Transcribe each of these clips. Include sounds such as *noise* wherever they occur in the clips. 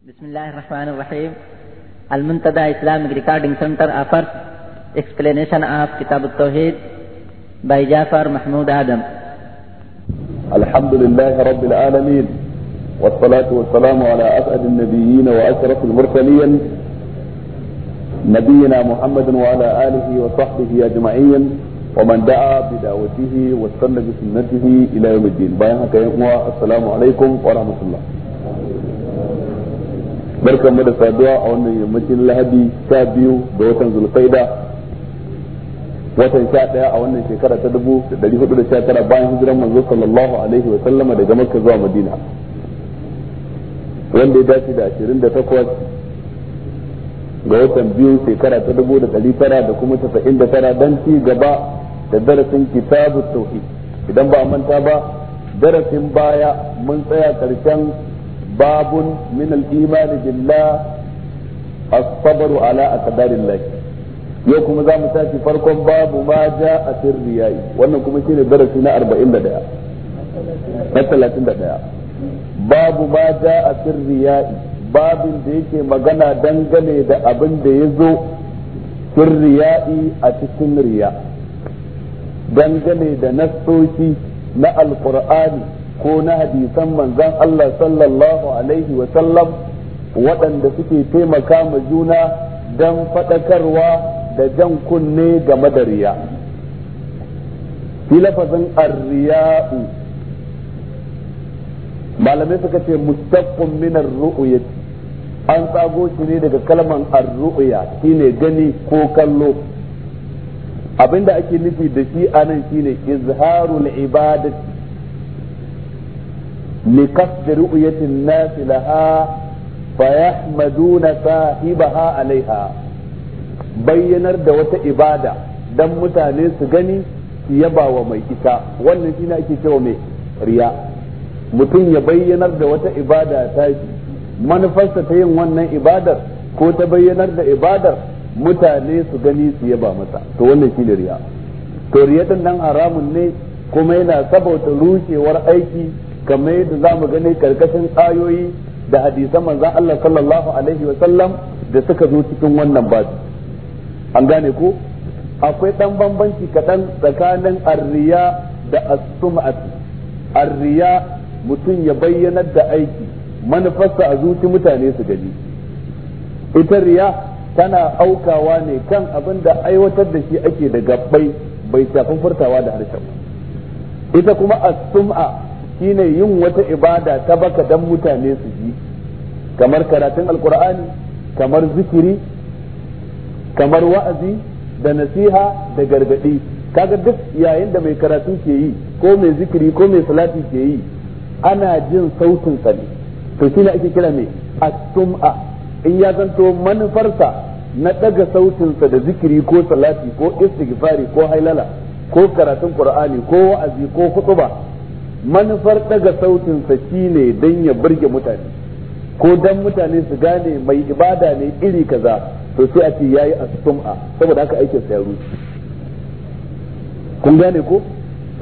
بسم الله الرحمن الرحيم المنتدى Islamic Recording Center افر explanation of كتاب التوحيد by جعفر محمود آدم الحمد لله رب العالمين والصلاة والسلام على أسعد النبيين وأشرف المرسلين نبينا محمد وعلى آله وصحبه أجمعين ومن دعا بدعوته واستنى بسنته إلى يوم الدين بايعك السلام عليكم ورحمة الله barkan mu da saduwa a wannan yammacin lahadi sha biyu da watan zulfaida watan sha daya a wannan shekara ta dubu da dari hudu da sha tara bayan hijiran manzo sallallahu alaihi wa sallama daga makka zuwa madina wanda ya dace da ashirin da takwas ga watan biyu shekara ta dubu da dari tara da kuma tasa'in da tara don ci gaba da darasin kitabu tauhid idan ba a manta ba darasin baya mun tsaya karshen babun min al-iman billah as-sabr ala aqdar yau kuma za mu tashi farkon babu maja ja a sirriyai wannan kuma shine darasi na 41 na 31 babu ma babin da yake magana dangane da abin da ya zo sirriyai a cikin riya dangane da nastoki na alkur'ani ko na hadisan manzon Allah sallallahu alaihi wa sallam waɗanda suke taimaka ma juna don faɗakarwa da jan kunne game da riya lafazin arriya'u malamai suka ce mustaqqun min ar an tsago shi ne daga kalman ar-ru'ya shine gani ko kallo abinda ake nufi da shi anan shine izharul ibadati لقصد رؤية الناس لها فيحمدون صاحبها عليها بينر دوت إبادة دم متاني سجني yaba wa mai ita wannan shi ne ake cewa mai riya mutum ya bayyanar da wata ibada ta shi manufarsa ta yin wannan ibadar ko ta bayyanar da ibadar mutane su gani su yaba masa to wannan shi ne riya to riya din nan haramun ne kuma yana sabauta rushewar aiki kamar yadda za mu gani karkashin ayoyi da hadisan manzon Allah sallallahu alaihi wa sallam da suka zo cikin wannan babu an gane ko akwai ɗan bambanci kaɗan tsakanin arriya da as-sum'at arriya mutum ya bayyanar da aiki manufarsa a zuci mutane su gani ita riya tana aukawa ne kan abin da aiwatar da shi ake da gabbai bai shafin furtawa da harshen ita kuma as-sum'a shine yin wata ibada ta baka dan mutane su ji kamar karatun alkur'ani kamar zikiri kamar wa'azi da nasiha da gargadi kaga duk yayin da mai karatu ke yi ko mai zikiri ko mai salati ke yi ana jin sautin sa ne to shine ake kira mai as-sum'a in ya zanto manufarsa na daga sa da zikiri ko salati ko istighfari ko hailala ko karatun qur'ani ko wa'azi ko khutba manufar daga sa shine dan ya burge mutane ko dan mutane su gane mai ibada ne iri kaza to sai a ce yayi as-sum'a saboda haka aikin sa ya rushe kun gane ko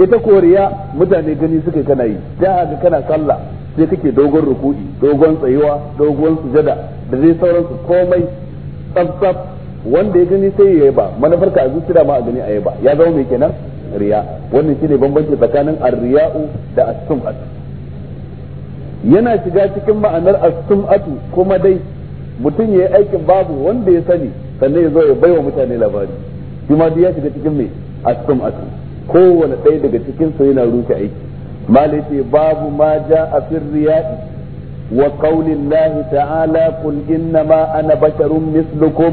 ita koriya mutane gani suka kana yi da haka kana sallah sai kake dogon ruku'i dogon tsayuwa dogon sujada da dai sauransu komai tsaf wanda ya gani sai ya ba manufar ka a zuciya ma a gani a yaba ya zama mai kenan riya wannan shine bambanci tsakanin riyau da as-sum'atu yana shiga cikin ma'anar as-sum'atu kuma dai mutum yayi aikin babu wanda ya sani sannan ya zo ya baiwa mutane labari shi ma ya shiga cikin me as-sum'atu kowane ɗaya daga cikin su yana rushe aiki malai ce babu ma ja'a fir riya'i وقول الله تعالى قل إنما أنا بشر مثلكم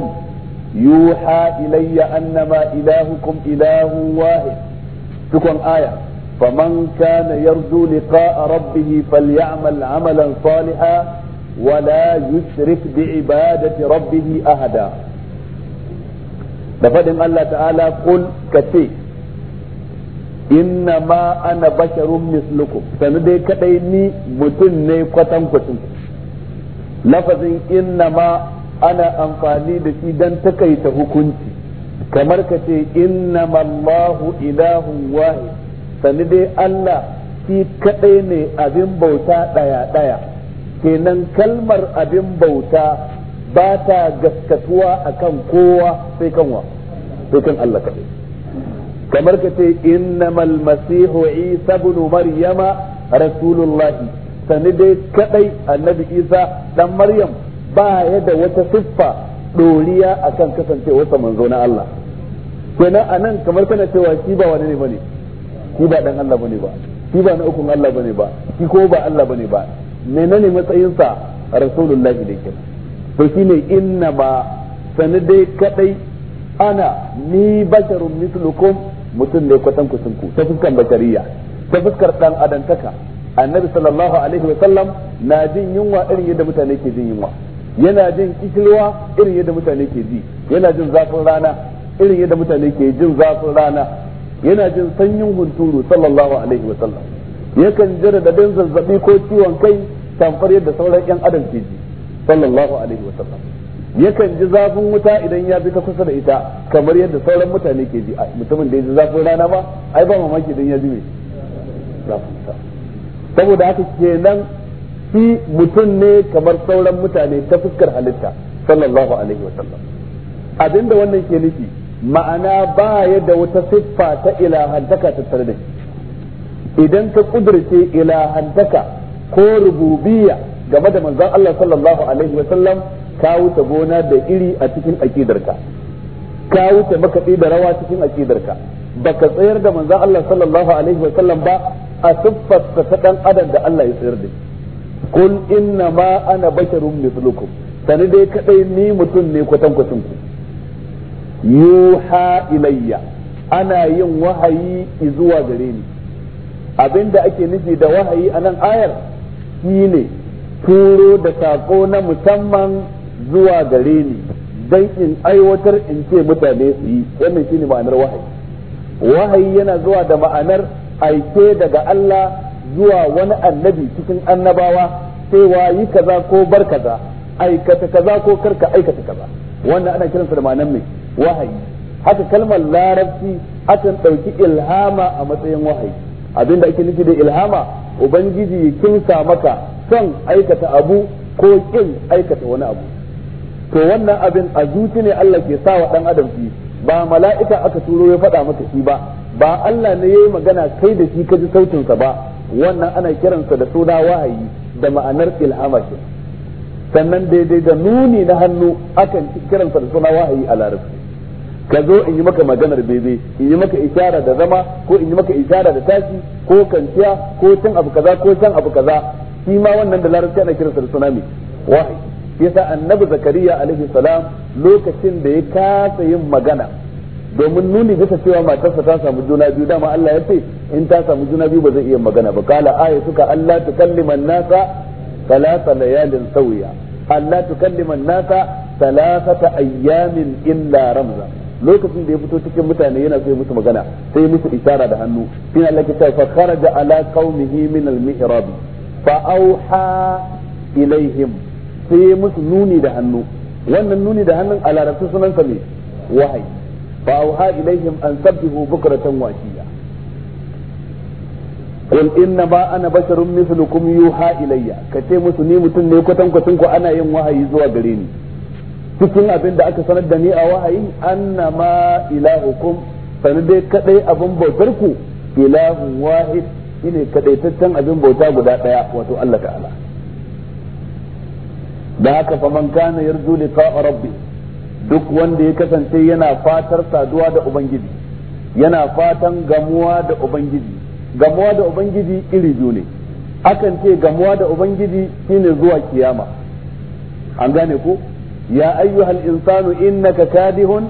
يوحى إلي أنما إلهكم إله واحد cikon aya faman kana yarju liqa'a rabbih falyamal amalan salihan wala yushrik bi ahada da Allah ta'ala kace inna ma ana basharun mislukum sanu dai kadai ni mutum ne kwatan kwatan lafazin inna ma ana amfani da shi dan takaita hukunci kamar ka ce mallahu ilahu wahid sani dai Allah shi kadai ne abin bauta daya daya kenan kalmar abin bauta ba ta gaskatuwa akan kowa sai kanwa sai kan Allah kadai kamar ka ce innamal masihu isa ibn maryama rasulullahi sani dai kadai annabi isa dan maryam ba ya da wata siffa doriya akan kasancewarsa manzo na Allah kenan anan kamar kana cewa shi ba wani ne bane shi ba dan Allah bane ba shi ba na ukun Allah bane ba shi ko ba Allah bane ba menene matsayinsa rasulullahi da ke to shine inna ba sani dai kadai ana ni basharun mislukum mutum ne kwatan kusinku ta fuskan bashariya ta fuskar dan adantaka annabi sallallahu alaihi wa sallam na jin yunwa irin yadda mutane ke jin yunwa yana jin kishirwa irin yadda mutane ke ji yana jin zafin rana irin yadda mutane ke jin zafin rana yana jin sanyin hunturu sallallahu alaihi wa sallam yakan ji radadin zazzabi ko ciwon kai tamfar yadda sauran yan adam ke ji sallallahu alaihi wa sallam yakan ji zafin wuta idan ya bi ta kusa da ita kamar yadda sauran mutane ke ji mutumin da ya ji zafin rana ba ai ba mamaki idan ya ji me zafin saboda haka kenan shi mutum ne kamar sauran mutane ta fuskar halitta sallallahu alaihi wa sallam abinda wannan ke nufi ma'ana baya da wata siffa ta ilahantaka tattare da shi idan ka kudurce ilahantaka ko rububiyya game da manzon Allah sallallahu alaihi wa sallam ka wuce gona da iri a cikin akidarka ka wuce makaɗi da rawa cikin akidarka baka tsayar da manzon Allah sallallahu alaihi wa sallam ba a siffarsa ta dan adam da Allah ya tsayar da shi kun inna ma ana basharun mislukum sani dai kadai ni mutum ne kwatan kwatan ku yuha ilayya ana yin wahayi zuwa gare ni abinda ake nufi da wahayi a nan ayar shine turo da sako na musamman zuwa gare ni dan in aiwatar in ce mutane su yi wannan shine ma'anar wahayi wahayi yana zuwa da ma'anar aike daga Allah zuwa wani annabi cikin annabawa cewa yi kaza ko bar kaza aikata kaza ko karka aikata kaza wannan ana kiransa da ma'anar mai wahayi haka kalmar larabci akan ɗauki ilhama a matsayin wahayi abinda ake nufi da ilhama ubangiji ya kinsa maka son aikata abu ko kin aikata wani abu to wannan abin a zuci ne Allah ke sa wa dan adam shi ba mala'ika aka turo ya faɗa maka shi ba ba Allah ne yayi magana kai da shi ka ji sautin sa ba wannan ana kiransa da suna wahayi da ma'anar ilhama shi sannan daidai da nuni na hannu akan kiransa da suna wahayi a larabci ka zo in yi maka maganar bebe in yi maka ishara da zama ko in yi maka ishara da tashi ko kanciya ko can abu kaza ko can abu kaza shi ma wannan da larabci ana kiransa da suna mai wahayi yasa annabi zakariya alaihi salam lokacin da ya kasa yin magana domin nuni bisa cewa matarsa ta samu juna biyu dama Allah ya ce in ta samu juna biyu ba zai iya magana ba kala aya suka Allah tukallima nasa salasa layalin sawiya Allah tukallima nasa salasata ayyamin illa ramza lokacin da ya fito cikin mutane yana so ya musu magana sai musu isara da hannu shine Allah ke cewa fa kharaja ala qaumihi min al-mihrab fa auha ilaihim sai musu nuni da hannu wannan nuni da hannun a larabci sunan sa ne wahayi fa auha ilaihim an sabbihu bukratan wa ashiya qul inna ma ana basharun mithlukum yuha ilayya kace musu ni mutum ne kwatan ana yin wahayi zuwa gare ni cikin abin da aka sanar da ni a wahayi annama ilahukum sanar dai kadai abin bautar ku ilahun wahid shine kadaitaccen abin bauta guda daya wato Allah ta'ala da haka faman kana yarju liqa rabbi duk wanda ya kasance yana fatar saduwa da ubangiji yana fatan gamuwa da ubangiji gamuwa da ubangiji iri biyu ne akan ce gamuwa da ubangiji shine zuwa kiyama an gane ko ya ayyuhal insanu innaka kadihun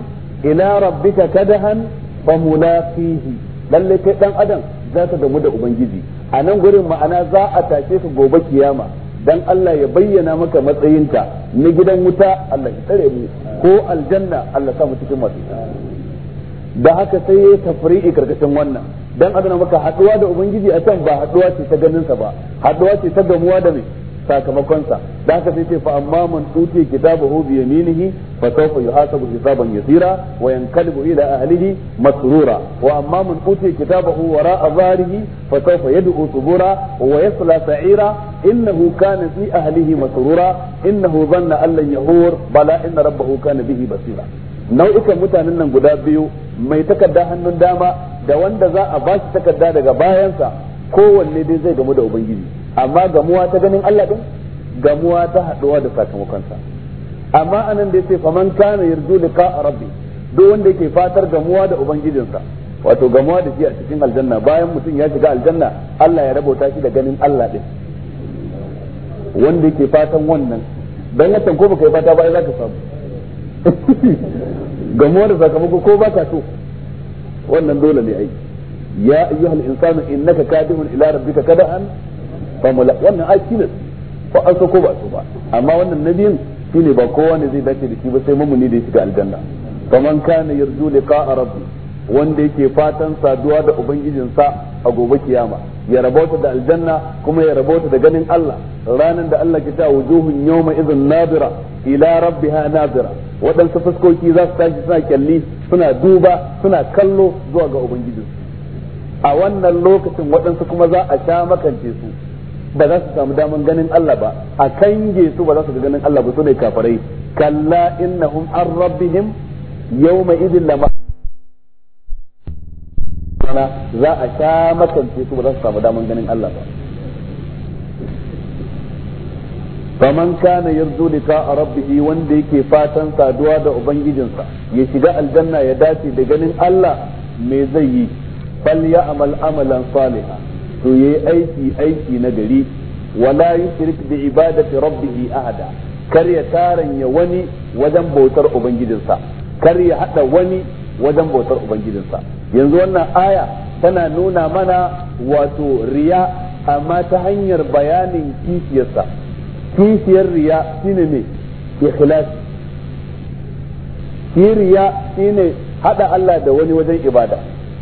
ila rabbika kadahan fa mulaqihi lalle kai dan adam zaka gamu da ubangiji a nan gurin ma'ana za a tashe ka gobe kiyama dan Allah ya bayyana maka matsayinka na gidan wuta Allah ya tsare mu ko aljanna Allah sa mu cikin masu da haka sai ya tafri'i karkashin wannan dan adana maka haduwa da ubangiji a can ba haduwa ce ta ganin sa ba haduwa ce ta gamuwa da mai sakamakonsa da haka sai ce fa amma man uti kitabahu bi yaminihi fa sawfa yuhasabu hisaban yasira wa yanqalibu ila ahlihi masrura wa amma man uti kitabahu wara'a dharihi fa sawfa yad'u subura wa yasla sa'ira innahu kana fi ahlihi masrura innahu dhanna an lan yahur bala inna rabbahu kana bihi basira nau'ikan mutanen nan guda biyu mai takarda hannun dama da wanda za a ba shi takarda daga bayansa kowanne dai zai gamu da ubangiji amma gamuwa ta ganin Allah din gamuwa ta haduwa da sakamakonsa amma anan da yace faman kana yarju liqa rabbi duk wanda yake fatar gamuwa da ubangijinsa wato gamuwa da shi a cikin aljanna bayan mutum ya shiga aljanna Allah ya rabota shi da ganin Allah din wanda yake fatan wannan dan ya tanko baka fata ba za ka samu *laughs* gamuwa da sakamako ko baka so wannan dole ne ai ya ayyuhal insanu innaka kadihun ila rabbika kada'an ba mu wannan ai tilas ko an so ko ba so ba amma wannan nabiyin shine ba kowa ne zai dace da shi ba sai mamuni da ya shiga aljanna faman kana yarju liqa'a rabbi wanda yake fatan saduwa da ubangijinsa a gobe kiyama ya rabota da aljanna kuma ya rabota da ganin Allah ranan da Allah ke ta wujuhun yawma idhin nadira ila rabbiha nadira waɗansu fuskoki za su tashi suna kyalli suna duba suna kallo zuwa ga ubangijinsu a wannan lokacin waɗansu kuma za a sha makance su ba za su samu daman ganin Allah ba a kan su ba za su ga ganin Allah ba su ne kafirai kalla innahum an rabbihim yawma idin lama za a sha makance su ba za su samu daman ganin Allah ba faman kana yarju lika a rabbihi wanda yake fatan saduwa da ubangijinsa ya shiga aljanna ya dace da ganin Allah me zai yi fal ya'mal amalan salihan to aiki aiki na gari wala yushrik bi ibadati rabbihi ahada kar ya taranya wani wajen bautar ubangijinsa kar ya hada wani wajen bautar ubangijinsa yanzu wannan aya tana nuna mana wato riya amma ta hanyar bayanin kishiyarsa kishiyar riya shine ne ikhlas shi riya shine hada Allah da wani wajen ibada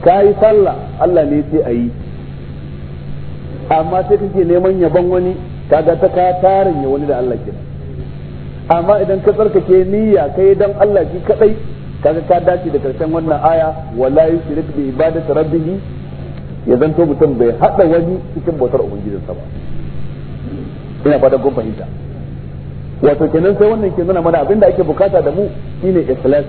kayi sallah Allah ne sai ayi amma sai kake neman yaban wani kaga ta ka tarin ya wani da Allah ke amma idan ka tsarkake niyya kai dan Allah ki kadai kaga ka dace da karshen wannan aya wala yushrik bi ibadati rabbih ya zanto mutum bai hada wani cikin bautar sa ba ina fata ko fahimta wato kenan sai wannan ke nuna mana abinda ake bukata da mu shine ikhlas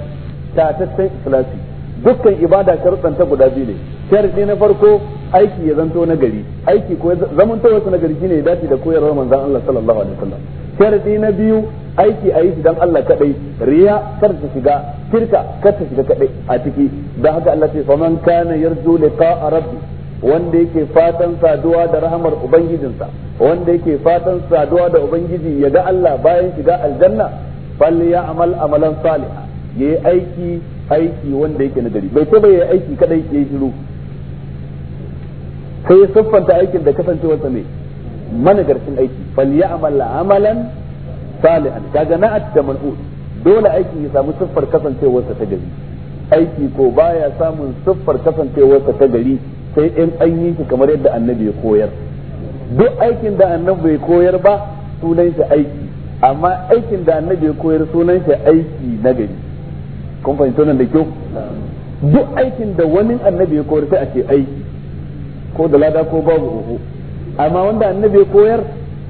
ta tattan ikhlasi dukkan ibada sharuɗan ta guda biyu ne sharadi na farko aiki ya zanto na gari aiki ko zaman to wasu na gari shine ya dace da koyarwar manzon Allah sallallahu alaihi wasallam sharadi na biyu aiki a yi shi dan Allah kadai riya kar ta shiga kirka kar ta shiga kadai a ciki da haka Allah ce faman kana yarju liqa'a rabbi wanda yake fatan saduwa da rahamar ubangijinsa wanda yake fatan saduwa da ubangiji ya ga Allah bayan shiga aljanna fal ya'mal amalan salih yayi aiki aiki wanda yake nagari bai ce bai yi aiki kadai yayi shiru sai ya siffanta aikin da kasancewarsa mai managarcin aiki amala amalan salihan kaga na'at da man'ud dole aikin ya samu siffar kasancewarsa ta gari aiki ko baya samun siffar kasancewarsa ta gari sai in an yi shi kamar yadda annabi ya koyar duk aikin da annabi ya koyar ba sunan shi aiki amma aikin da annabi ya koyar sunan shi aiki na gari kun fahimta nan da kyau duk aikin da wani annabi ya koyar sai a ce aiki ko da lada ko babu uhu amma wanda annabi ya koyar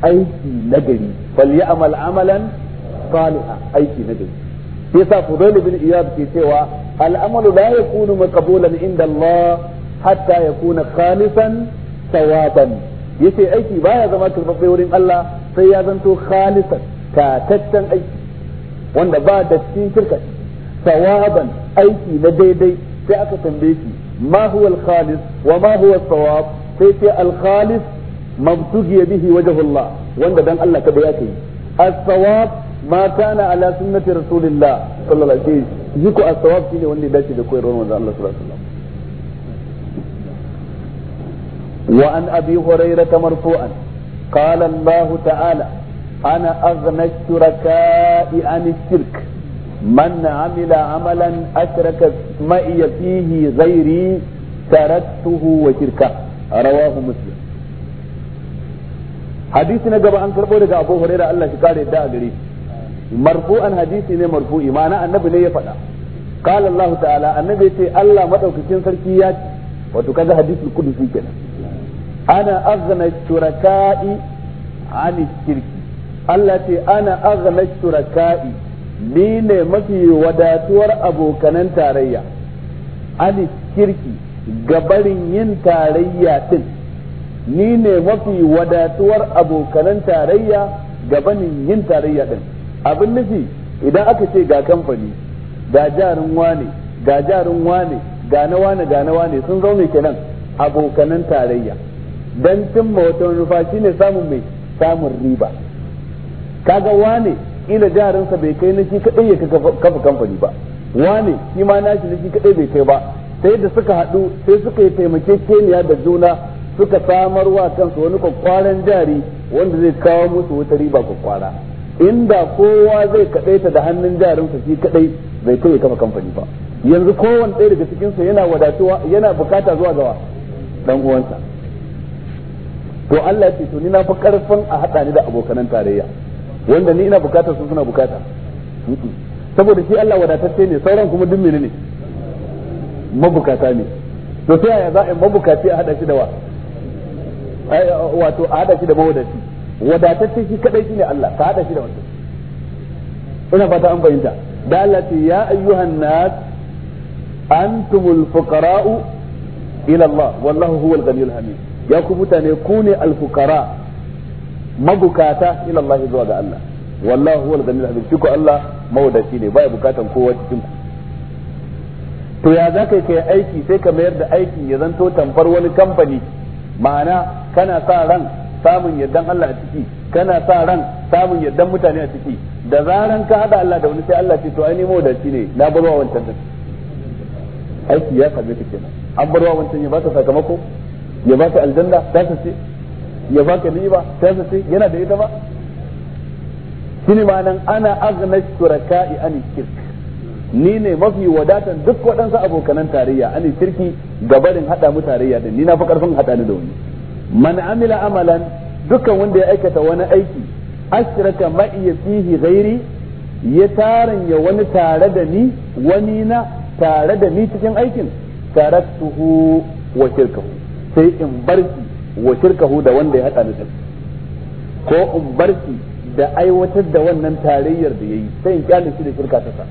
aiki nagari fal ya'mal amalan salihan aiki nagari yasa Fudail bin Iyad ke cewa al'amalu la yakunu maqbulan inda Allah hatta yakuna khalisan sawaban yace aiki baya zama karbabbe wurin Allah sai ya zanto khalisan tataccen aiki wanda ba da cikin shirka sawaban aiki na daidai sai aka tambaye shi ما هو الخالص وما هو الصواب سيتي الخالص ما ابتغي به وجه الله وند دان الله كبياتي الصواب ما كان على سنة رسول الله صلى الله عليه وسلم يكو الصواب فيني واني داشي دكوي رون الله صلى الله عليه وسلم وعن أبي هريرة مرفوعا قال الله تعالى أنا أغنى الشركاء عن الشرك من عمل عملا أشرك معي فيه غيري تركته وشركه رواه مسلم حديث نجب أن كربو أبو هريرة الله شكاري الداء قريب مرفوعا حديث ني مرفوع معنى النبي ليه فدا قال الله تعالى النبي تي الله مدوكين سركي يا wato kaga hadisul qudusi kenan ana aghna shuraka'i an shirki Allah ce ana aghna shuraka'i ni ne mafi wadatuwar abokanan tarayya ani kirki gabarin yin tarayya din ni ne mafi wadatuwar abokanan tarayya gabanin yin tarayya din abin nufi idan aka ce ga kamfani ga jarin wane ga jarin wane ga na wane ga na wane sun zaune kenan abokanan tarayya dan cimma wata rufa shine samun mai samun riba kaga wane kila jarinsa bai kai na shi kadai ya kafa kamfani ba wane shi ma nashi na shi kadai bai kai ba sai da suka haɗu sai suka yi taimakekeniya da juna suka samar wa kansu wani kwakwaran jari wanda zai kawo musu wata riba kwakwara inda kowa zai kadaita da hannun jarinsa shi kadai bai kai ya kafa kamfani ba yanzu kowane ɗaya daga cikinsa yana wadatuwa yana bukata zuwa gawa dan uwansa to Allah ya ce to ni na fi karfin a haɗa ni da abokanan tarayya wanda ni ina bukata su suna bukata saboda shi Allah wadatacce ne sauran kuma duk menene mabukata ne to ta yaya za a yi mabukaci a hada shi da wa wato a hada shi da mawadaci wadatacce shi kadai shine Allah ka hada shi da wanda ina fata an fahimta da Allah ce ya ayyuhan nas antumul fuqara'u ila Allah wallahu huwal ghaniyul hamid ya ku mutane ku ne al fuqara' mabukata ila Allah zuwa ga Allah wallahu huwal ganil azim shi ko Allah mawadaci ne baya bukatan kowa cikin ku to ya zaka kai aiki sai ka mayar da aiki ya zanto tamfar wani kamfani ma'ana kana sa ran samun yardan Allah a ciki kana sa ran samun yardan mutane a ciki da zaran ka hada Allah da wani sai Allah ce to ai nemo da ne na barwa wancan din aiki ya same ka kenan an barwa wancan ya ba ta sakamako ya ba ta aljanna za ta ce ya baka riba ta ce yana da ita ba shine ma'anan ana aghna shuraka'i ani shirk ni ne mafi wadatan duk waɗansu abokanan tarayya an shirki gabarin hada mu tarayya da ni na fi karfin hada ni da wani man amila amalan dukkan wanda ya aikata wani aiki ashraka ma'i fihi ghairi ya taran ya wani tare da ni wani na tare da ni cikin aikin taraktuhu wa shirkahu sai in barki wa shirkahu da wanda ya hada ni da ko in barki da aiwatar da wannan tarayyar da yayi sai in kyale shi da shirka ta sa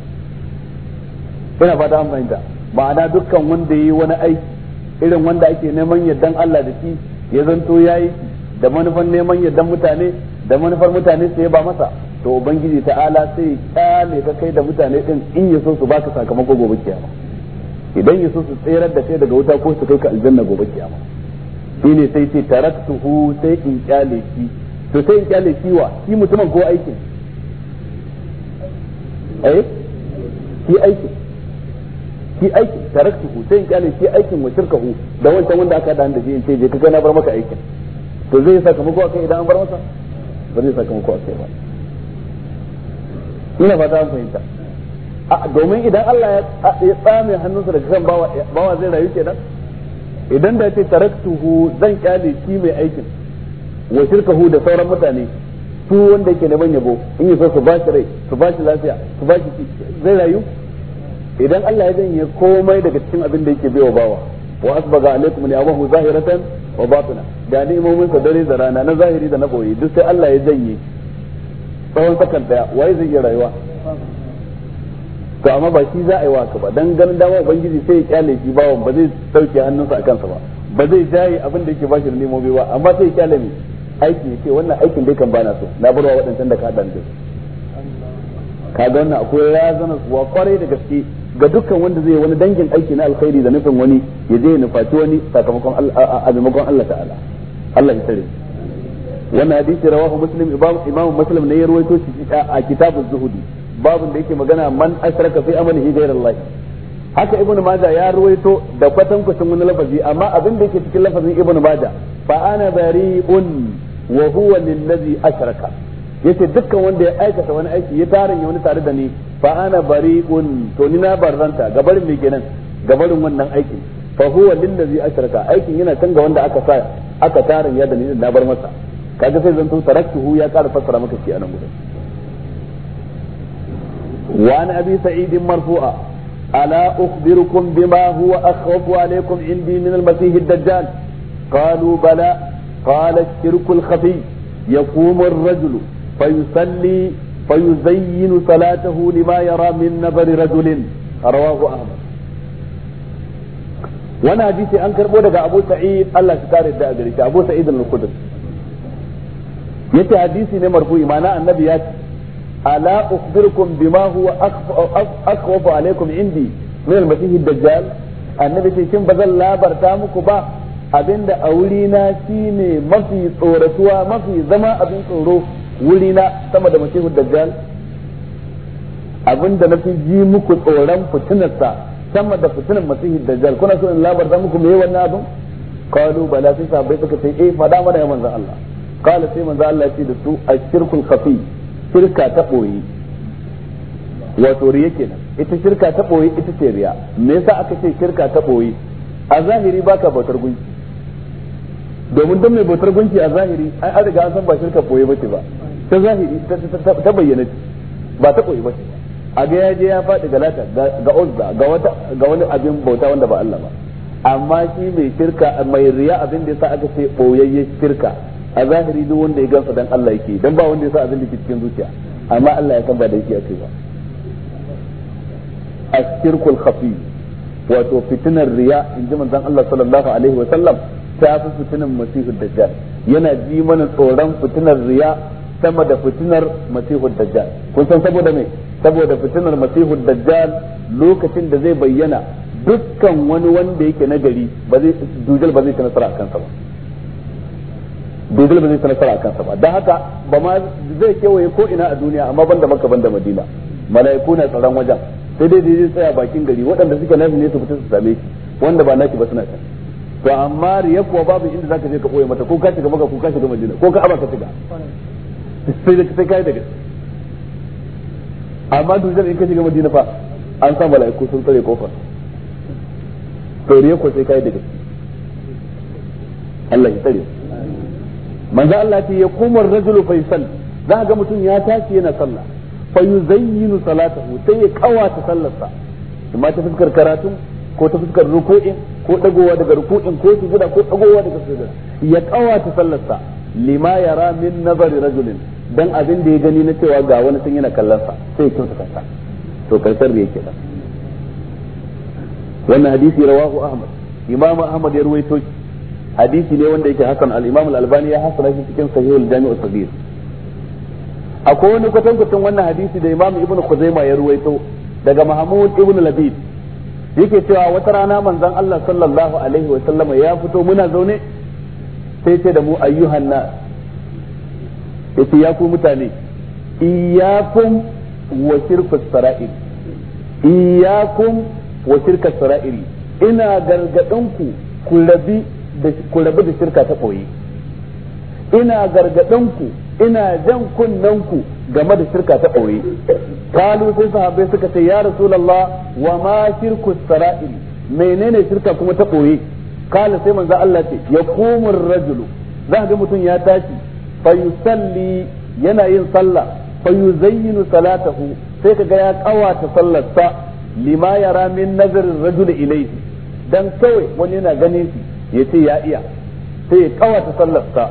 ina fata an fahimta ma'ana dukkan wanda yayi wani aiki irin wanda ake neman yardan Allah da shi ya zanto yayi da manufan neman yardan mutane da manufar mutane sai ba masa to ubangiji ta'ala sai kyale ka kai da mutane din in yaso su baka sakamako gobe kiyama idan yaso su tsayar da kai daga wuta ko su kai ka aljanna gobe kiyama shine sai ce taraktuhu sai in kyale shi to sai in kyale shi wa shi mutumin ko aikin eh shi aikin shi aikin taraktuhu sai in kyale shi aikin wa shirkahu da wancan wanda aka da je in ce je kaga na bar maka aikin to zai sakamako aka idan an bar masa ba zai sakamako aka ba ina fata an fahimta domin idan Allah ya tsame hannunsa daga kan bawa zai rayu kenan idan da ce taraktuhu zan kyale shi mai aikin wa shirkahu da sauran mutane su wanda yake neman yabo in yi so su ba shi rai su ba shi lafiya su ba shi zai rayu idan Allah ya janye komai daga cikin abin da yake baiwa bawa wa asbaga alaikum ni'amahu zahiratan wa batina da ni'imomin sa dare da rana na zahiri da na boye duk sai Allah ya janye tsawon sakan daya wai zai iya rayuwa to amma ba shi za a yi wa ba dan ganin dama ubangiji sai ya kyale shi bawan ba zai dauke hannunsa a kansa ba ba zai jaye abin da yake bashi da bai ba amma sai ya kyale ni aiki yake wannan aikin dai kan bana so na barwa wadancan da ka haɗa da kaga wannan akwai zana kuwa kware da gaske ga dukkan wanda zai wani dangin aiki na alkhairi da nufin wani ya je ya nufaci wani sakamakon azimakon Allah ta'ala Allah ya tare wannan hadisi rawahu muslim imam muslim ne ya ruwaito shi a kitabuz zuhudi babun da yake magana man asraka fi amalihi ghayrallahi haka ibnu maja ya ruwaito da kwatan kwatan wani lafazi amma abin da yake cikin lafazin ibnu maja fa ana bari'un wa huwa lillazi asraka yace dukkan wanda ya aikata wani aiki ya tarin ya wani tare da ni fa ana bari'un to ni na barzanta gabarin me kenan gabarin wannan aikin fa huwa lillazi asraka aikin yana kan ga wanda aka sa aka tarin ya da ni na bar masa kaga sai zanto taraktuhu ya ƙara fassara maka shi a nan وعن أبي سعيد مرفوعا ألا أخبركم بما هو أخوف عليكم عندي من المسيح الدجال قالوا بلى قال الشرك الخفي يقوم الرجل فيصلي فيزين صلاته لما يرى من نظر رجل رواه أحمد وانا حديثي أنكر بودك أبو سعيد الله شكار الدائري أبو سعيد بن القدس hadisi حديثي نمر ma'ana annabi النبي ياتي ala ukhbirukum bima huwa akhwafu indi min al-masih ad-dajjal annabi ce kin bazan labarta muku ba abinda a wuri na shine mafi tsoratuwa mafi zama abin tsoro wuri sama da masihu dajjal abinda na fi ji muku tsoron fitinarsa sama da fitinar masihu dajjal kuna so in labarta muku me wannan abin qalu bala sai sahabbai suka ce eh fada mana ya manzo Allah qala sai manzo Allah ya da su ashirkul khafi shirka ta ɓoye wato riya nan ita shirka ta ɓoye ita ce riya me yasa aka ce shirka ta ɓoye a zahiri ba ka bautar gunki domin don mai bautar gunki a zahiri ai an riga an san ba shirka ɓoye ba ce ba ta zahiri ta bayyana ba ta ɓoye ba ce a ga ya je ya faɗi galata ga uzza ga wata ga wani abin bauta wanda ba Allah ba amma shi mai shirka mai riya abin da yasa aka ce ɓoyayye shirka a zahiri duk wanda ya gansa dan Allah yake dan ba wanda ya sa abin da ke cikin zuciya amma Allah ya san ba da yake ake ba as-sirkul khafi wato fitinar riya in ji manzon Allah sallallahu alaihi wa sallam ta fi fitinar masihud dajjal yana ji mana tsoron fitinar riya sama da fitinar masihud dajjal kun san saboda me saboda fitinar masihud dajjal lokacin da zai bayyana dukkan wani wanda yake nagari ba zai dujal ba zai ci nasara kansa ba dogale ba zai ci nasara a kansa ba don haka ba ma zai kewaye ko ina a duniya amma banda makka banda madina mala'iku na tsaron wajen sai dai zai tsaya bakin gari waɗanda suke nashi ne su fita su same shi wanda ba naki ba suna can to amma riya kuwa babu inda zaka je ka koye mata ko ka shiga maka ko ka shiga madina ko ka aba ka shiga sai da sai kai daga amma dujal in ka shiga madina fa an san mala'iku sun tsare kofar to riya sai kai daga Allah ya tsare manzo Allah ce ya kuma rajulu fa yusalli za ga mutum ya tashi yana sallah fa yuzayyinu salatahu sai ya kawata sallarsa amma ta fuskar karatu ko ta fuskar ruku'in ko dagowa daga ruku'in ko sujuda ko dagowa daga sujuda ya kawata sallarsa lima yara min nazari rajulin dan abin da ya gani na cewa ga wani sun yana kallansa sa sai ya kyautata sa to karshen da yake da wannan hadisi rawahu ahmad imam ahmad ya ruwaito shi hadisi ne wanda yake hasan al-imam al-albani ya hasana shi cikin sahih al-jami' al-saghir akwai wani kwatankwacin wannan hadisi da imam ibn khuzaima ya ruwaito daga mahmud ibn labid yake cewa wata rana manzon Allah sallallahu alaihi wa sallama ya fito muna zaune sai ce da mu ayyuhan nas yace ya ku mutane iyyakum wa shirkus sara'il iyyakum wa shirkus sara'il ina gargadan ku ku rabi ku rabu da shirka ta koyi ina gargadan ku ina jan kunnen ku game da shirka ta koyi kalu sai sahabbai suka ce ya rasulullah wa ma shirku sara'il menene shirka kuma ta ɓoye kala sai manzo Allah ce ya ar-rajulu za ga mutum ya tashi fayusalli yana yin sallah fayuzayyinu salatahu sai kaga ya kawata sallarsa lima yara min nazarin rajul ilayhi dan kawai wani yana ganin shi ya ce ya iya sai ya kawata sallarsa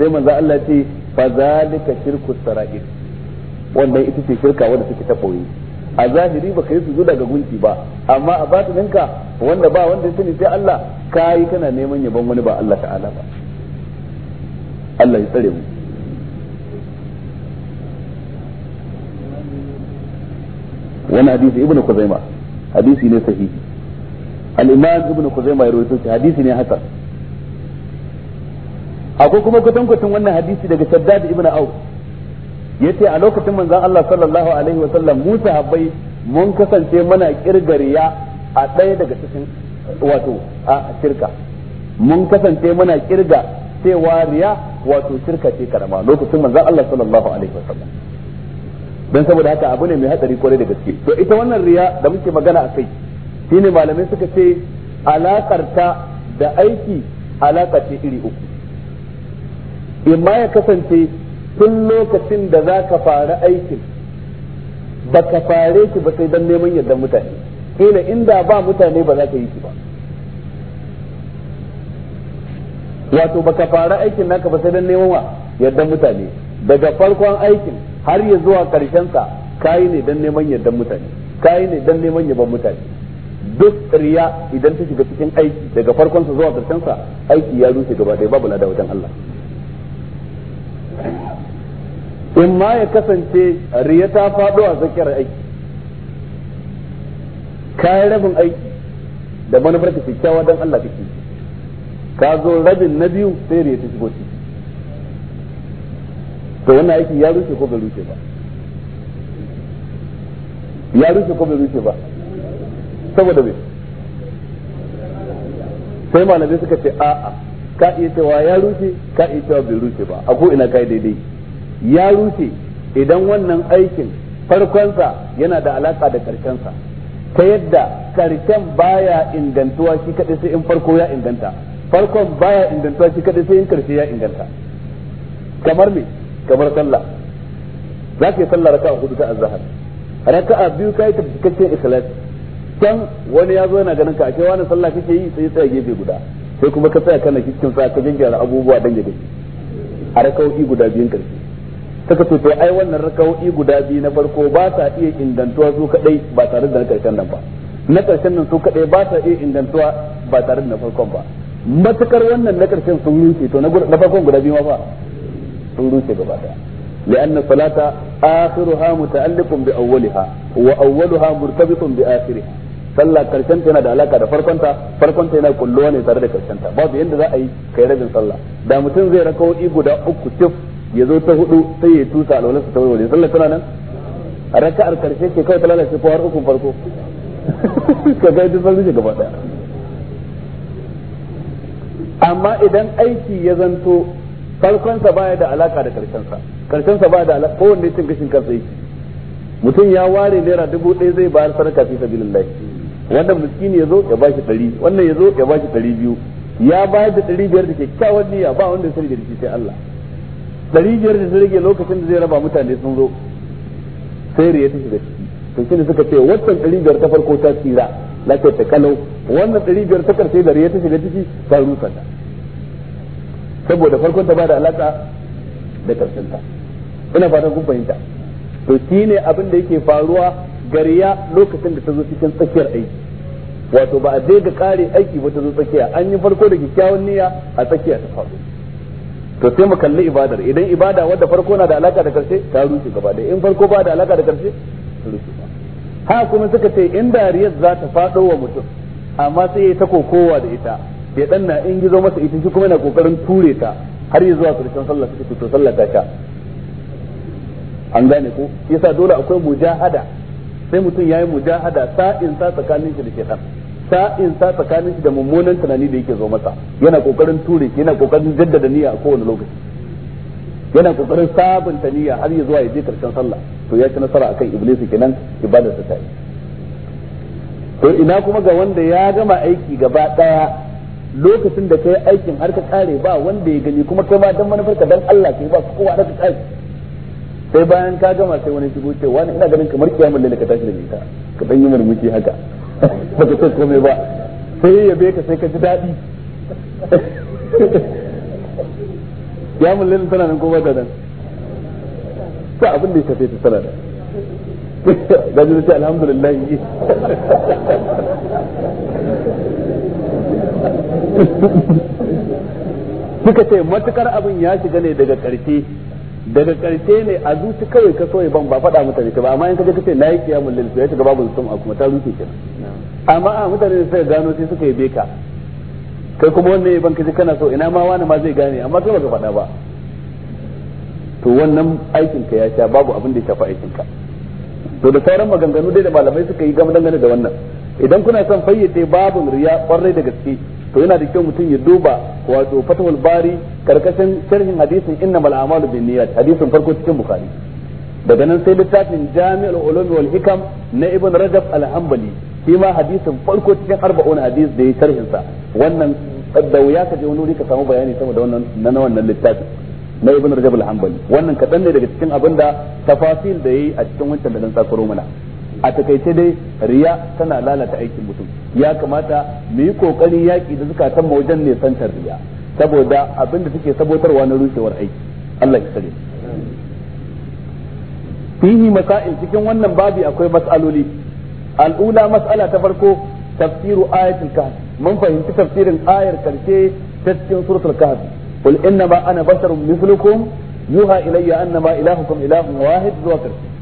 sai manzo Allah ce fa zalika shirku sara'ir wannan ita ce shirka wanda take ta koyi a zahiri baka yi sujuda ga gunki ba amma a batininka wanda ba wanda sani sai Allah kai kana neman yabon wani ba Allah ta'ala ba Allah ya tsare mu wani hadisi ibnu kuzaima hadisi ne sahihi al-imam ibn khuzaima ya rawaito shi hadisi ne hasan akwai kuma kwatankwacin wannan hadisi daga shaddad ibn auf yace a lokacin manzon Allah sallallahu alaihi wa sallam mu sahabbai mun kasance mana kirgariya a ɗaya daga cikin wato a shirka mun kasance mana kirga cewa riya wato shirka ce karama lokacin alaihi wa sallam dan saboda haka abu ne mai hatsari kwarai da gaske to ita wannan riya da muke magana a kai shine malamai suka ce alakar ta da aiki alaka ce iri uku imma ya kasance tun lokacin da za ka fara aikin ba ka fare shi ba sai don neman yardar mutane kila inda ba mutane ba za ka yi shi ba wato ba ka fara aikin naka ba sai dan neman wa yadda mutane daga farkon aikin har ya zuwa karshen sa kai ne dan neman yadda mutane kayi ne dan neman yaban mutane duk riya idan ta shiga cikin aiki daga farkon sa zuwa karshen sa aiki ya rushe gaba ɗaya babu lada wajen Allah in ma ya kasance riya ta faɗo a tsakiyar aiki kayan rabin aiki da manufar ka kyakkyawa don Allah kake ka zo rabin na biyu sai riya ta shigo ciki to wannan aiki ya rushe ko bai rushe ba ya rushe ko bai rushe ba saboda me sai malamai suka ce a'a ka iya cewa ya rushe ka iya cewa bai rushe ba a ko ina kai daidai ya rushe idan wannan aikin farkonsa yana da alaka da karshensa ta yadda karshen baya ingantuwa shi kadai sai in farko ya inganta farkon baya ingantuwa shi kadai sai in karshe ya inganta kamar me kamar sallah za ka yi sallah raka'a hudu ta azhar raka'a biyu ka ta cikakken ikhlasi can wani ya zo yana ganin ka ashe wani sallah kake yi sai ya tsaya gefe guda sai kuma ka tsaya kana cikin sa ka jingira abubuwa dan gade a rakawoyi guda biyun karshe saka ce to ai wannan rakawoyi guda biyu na farko ba sa iya indantuwa su kadai ba tare da na karshen nan ba na karshen nan su kadai ba sa iya indantuwa ba tare da na farkon ba matukar wannan na karshen sun rushe to na farkon guda biyu ma fa sun rushe gaba daya لأن الصلاة آخرها متعلق بأولها وأولها مرتبط بآخرها sallah karshen ta yana da alaka da farkon ta farkon ta yana kulluwa ne tare da karshen ta babu yanda za a yi kai rabin sallah da mutum zai rakawo'i guda uku tif ya zo ta hudu sai ya tusa alwalarsa ta warware sallah tana nan a raka'ar karshe ke kawai ta lalace ko har ukun farko *laughs* ka ga duk sallah gaba daya amma idan aiki ya zanto farkon sa baya da alaka da karshen sa karshen sa baya da alaka kowanne cin gashin kansa yake mutum ya ware naira dubu ɗaya zai bayar sadaka fi sabilillah wannan miskini ya zo ya bashi ɗari wannan ya zo ya bashi ɗari biyu ya bayar da ɗari biyar da kyakkyawan niyya ba wanda ya sani da shi sai Allah ɗari biyar da rage lokacin da zai raba mutane sun zo sai riya ta shiga ciki to ne suka ce wannan ɗari biyar ta farko ta tsira lafiya ta kalau wannan ɗari biyar ta karshe da riya ta shiga ciki ta rusa ta saboda farkon ta ba da alaka da karshen ta ina fatan kun fahimta to shine abin da yake faruwa gariya lokacin da ta zo cikin tsakiyar aiki wato ba a je ga kare aiki ba ta zo tsakiya an yi farko da kyakkyawan niyya a tsakiya ta faɗo to sai mu kalli ibadar idan ibada wadda farko na da alaka da karshe ta rushe gaba da in farko ba da alaka da karshe ta rushe ba ha kuma suka ce in dariyar za ta faɗo wa mutum amma sai ya ta kokowa da ita ya dan na in gizo masa ita shi kuma yana kokarin ture ta har ya zuwa karshen sallah suka ce to sallah ta sha an gane ko yasa dole akwai mujahada sai mutum ya yayi mujahada sa'in sa tsakanin shi da shaytan sa'in sa tsakanin shi da mummunan tunani da yake zo masa yana kokarin ture yana kokarin jaddada niyya a kowane lokaci yana kokarin sabunta niyya har ya zuwa ya je karshen sallah to ya ci nasara akan iblis kenan ibadar ta yi to ina kuma ga wanda ya gama aiki gaba daya lokacin da kai aikin har ka kare ba wanda ya gani kuma kai ma dan manufarka dan Allah ke ba kowa da ka kare sai bayan ka gama sai wani shigo ce wani ina ganin kamar kiyamul lalle ka tashi da ita ka dan yi murmushi haka *laughs* baka san komai ba sai ya be ka sai ka ji daɗi *laughs* mun lail tana nan ko ba ta nan ba abin da ya shafe ta tana nan *laughs* gaji da ce alhamdulillah yi suka ce matukar abin ya shiga ne daga ƙarshe daga karshe ne a zuci kawai ka so ban ba faɗa mutane ba amma in kaje kace na yi kiyamun lil ya shiga babu sun akuma kuma ta zuci kina amma a mutane sai gano sai suka yi beka kai kuma wannan yaban kaje kana so ina ma wani ma zai gane amma kai baka faɗa ba to wannan aikin ka ya sha babu abin da ya shafa aikin ka to da sauran maganganu dai da malamai suka yi game dangane da wannan idan kuna son fayyace babu riya kwarai da gaske to yana da kyau mutum ya duba wato fatawul bari karkashin sharhin hadisin innamal a'malu binniyat hadisin farko cikin bukhari daga nan sai littafin jami'ul ulum wal hikam na ibn rajab al-hanbali shi ma hadisin farko cikin hadis da ya sharhin sa wannan da wuya ka je wani wuri ka samu bayani sama da wannan na wannan littafin na ibn rajab al-hanbali wannan kadan ne daga cikin abinda tafasil da yayi a cikin wancan da dan tsakaro mana a takaice dai riya tana lalata aikin mutum ya kamata mu yi kokarin yaki da zukatan mu wajen nisantar riya saboda abin da take sabotarwa na rushewar aiki Allah ya sani fihi masail cikin wannan babi akwai mas'aloli al'ula mas'ala ta farko tafsiru ayatul kahf mun fahimci tafsirin ayar karshe ta cikin suratul kahf qul innama ana basharun mithlukum yuha ilayya annama ilahukum ilahun wahid zuwa karshe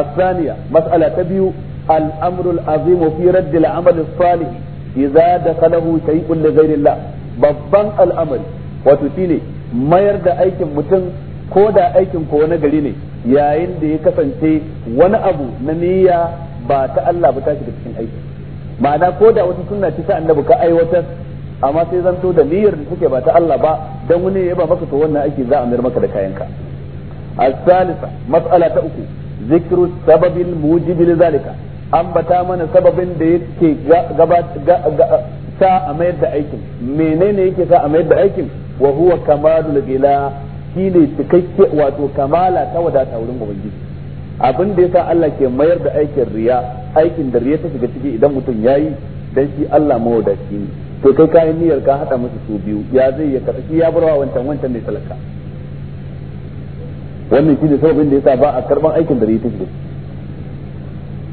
الثانية مسألة تبيو الأمر العظيم في رد العمل الصالح إذا دخله شيء لغير الله babban al'amari wato shine mayar da aikin mutum ko da aikin ko wani gari ne yayin da ya kasance wani abu na niyya ba ta Allah ba tashi da cikin aiki ma'ana ko da wata suna ce ta annabi ka aiwatar amma sai zanto da niyyar da suke ba ta Allah ba dan wani ya ba maka to wannan aiki za a mayar maka da kayanka a salisa mas'ala ta uku zikru sababil mujibil zalika bata mana sababin da yake sa a mayar da aikin menene yake sa a mayar da aikin wa huwa kamalul gila shine cikakke wato kamala ta wadata wurin ubangiji abin da yasa Allah ke mayar da aikin riya aikin da riya ta shiga ciki idan mutum yayi dan shi Allah mawadaci ne to kai kayan niyyar ka hada musu su biyu ya zai ya karshi ya barwa wancan wancan ne talaka wannan shine sababin da yasa ba a karban aikin da rita shi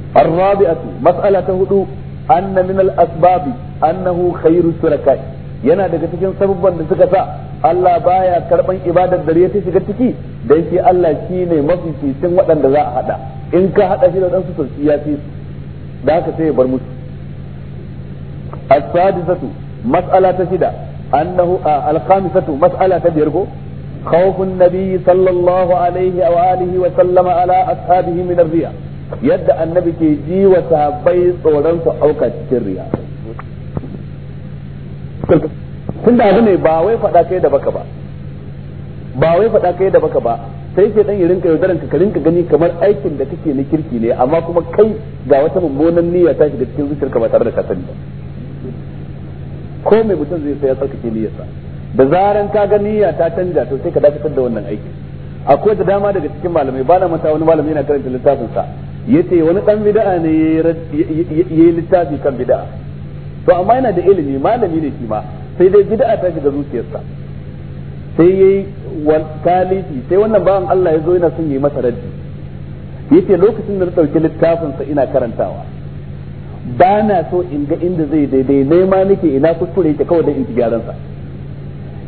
الرابعة مسألة هدوء أن من الأسباب أنه خير yana daga cikin sababban da suka sa Allah baya karban ibadar da ya shiga ciki dan shi Allah shine mafificin waɗanda za a hada in ka hada shi da dan su ya fi da haka sai ya bar musu as-sadisatu mas'ala ta shida annahu al-khamisatu mas'ala ta biyar ko خوف النبي صلى الله عليه وآله وسلم على أصحابه من الرياء يد النبي كي جي وصحابي صورن سعوكا تشريا tunda abu ne ba wai faɗa kai da baka ba ba wai faɗa kai da baka ba sai ke dan irin ka yaudaran ka karin ka gani kamar aikin da kake na kirki ne amma kuma kai ga wata mummunan niyya ta shiga cikin zuciyarka ba tare da ka sani ba ko mai mutum zai sai ya tsarkake niyyarsa da zaran ka ga niyya ta canja to sai ka dakatar da wannan aiki akwai da dama daga cikin malamai ba na mata wani malami yana karanta littafin sa yace wani dan bid'a ne yayi littafi kan bida'a. to amma yana da ilimi malami ne shi ma sai dai bid'a ta shiga zuciyarsa sai yayi talifi sai wannan bawan Allah ya zo yana son yi masa raddi yace lokacin da na dauki littafin sa ina karantawa ba na so in ga inda zai daidai nema nake ina kuskure yake kawai da in ci gyaran sa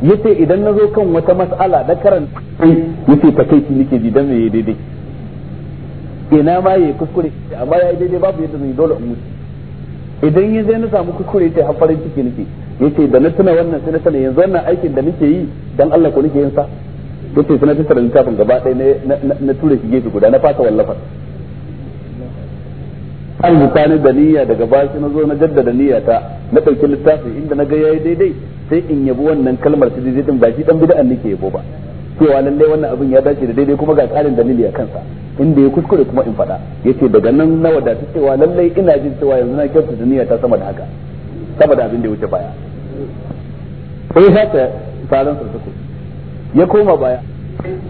yace idan na zo kan wata mas'ala na karanta yace shi nake ji dan me daidai ina ma yayi kuskure amma yayi daidai babu yadda zai dole in mutu idan ya zai na samu kuskure yace har farin ciki nake yace da na tuna wannan sai na tuna yanzu wannan aikin da nake yi dan Allah ko nake yin sa yace sai na tattara littafin gaba ɗaya na tura shi gefe guda na fasa wallafa an rubuta da niyya daga bashi sai na zo na jaddada niyyata na ɗauki littafin inda na ga yayi daidai sai in yabi wannan kalmar ta daidai din ba shi dan bid'a nake yabo ba cewa lallai wannan abin ya dace da daidai kuma ga karin dalili a kansa inda ya kuskure kuma in faɗa yace daga nan na wadata cewa lallai ina jin cewa yanzu na kyautu duniya ta sama da haka sama da abin da ya wuce baya sai haka tsaron sa suku ya koma baya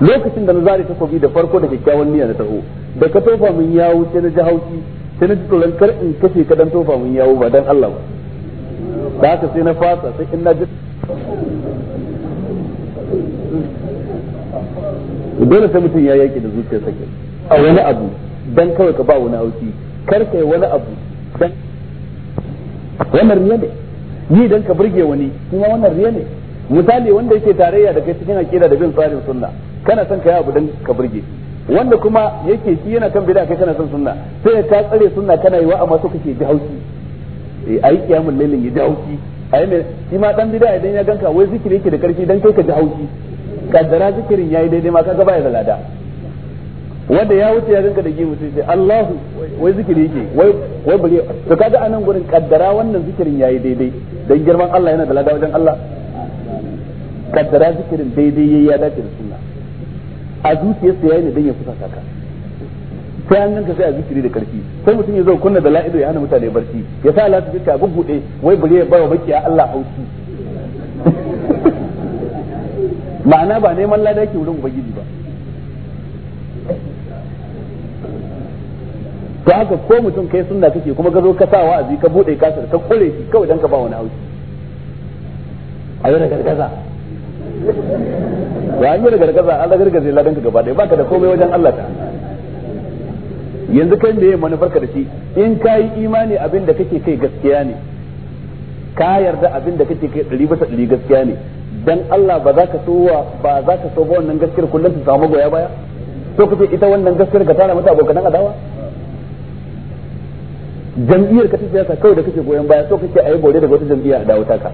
lokacin da na zare takobi da farko da kyakkyawan niyya na taho da ka tofa mun yawo sai na ji haushi sai na ji tsoron kar in kashe ka dan tofa mun yawo ba dan Allah ba da haka sai na fasa sai in na ji dole sai mutum ya yake da zuciyarsa ke a wani abu dan kawai ka ba wani auki kar kai wani abu dan wannan riya ne ni dan ka burge wani kuma wannan riya ne misali wanda yake tarayya da kai cikin aqida da bin tsarin sunna kana son ka yi abu dan ka burge wanda kuma yake shi yana kan bid'a kai kana son sunna sai ka tsare sunna kana yi wa amma so kake ji haushi Eh, ai kiyamul lailin ya ji haushi ai me shi ma dan bid'a idan ya ganka wai zikiri yake da karfi dan kai ka ji haushi kaddara zikirin yayi daidai ma kaga baya da lada wanda ya wuce ya ganka da gimu sai sai Allahu wai zikiri yake wai wai bare to kaga anan gurin kaddara wannan zikirin yayi daidai dan girman Allah yana da lada wajen Allah kaddara zikirin daidai yayi ya dace da sunna a zuciyarsa yayi ne dan ya kusa saka sai an ganka sai a zikiri da karfi sai mutum ya zo kunna da la'ido ya hana mutane barci ya sa lati zikka gugguɗe wai bari ya bawa bakiya Allah haushi *laughs* ma'ana ba neman lada ke wurin ubangiji ba ta haka ko mutum kai sunna kake kuma ka zo ka sa wa'azi ka bude kasar ka kore shi kawai dan ka ba wani haushi a yau da gargaza ba an yi da gargaza an da gargaza ladan ka gaba ɗaya baka da komai wajen Allah ta yanzu kai me manufar ka da shi in ka yi imani abin da kake kai gaskiya ne ka yarda abin da kake kai ɗari bisa ɗari gaskiya ne dan Allah ba za ka so wa ba za ka so ba wannan gaskiyar kullum su samu goya baya so kace ita wannan gaskiyar ka tara mata abokan adawa jam'iyyar ka ta siyasa kawai da kake goyon baya so kake ayi bore daga wata jam'iyya a dawo taka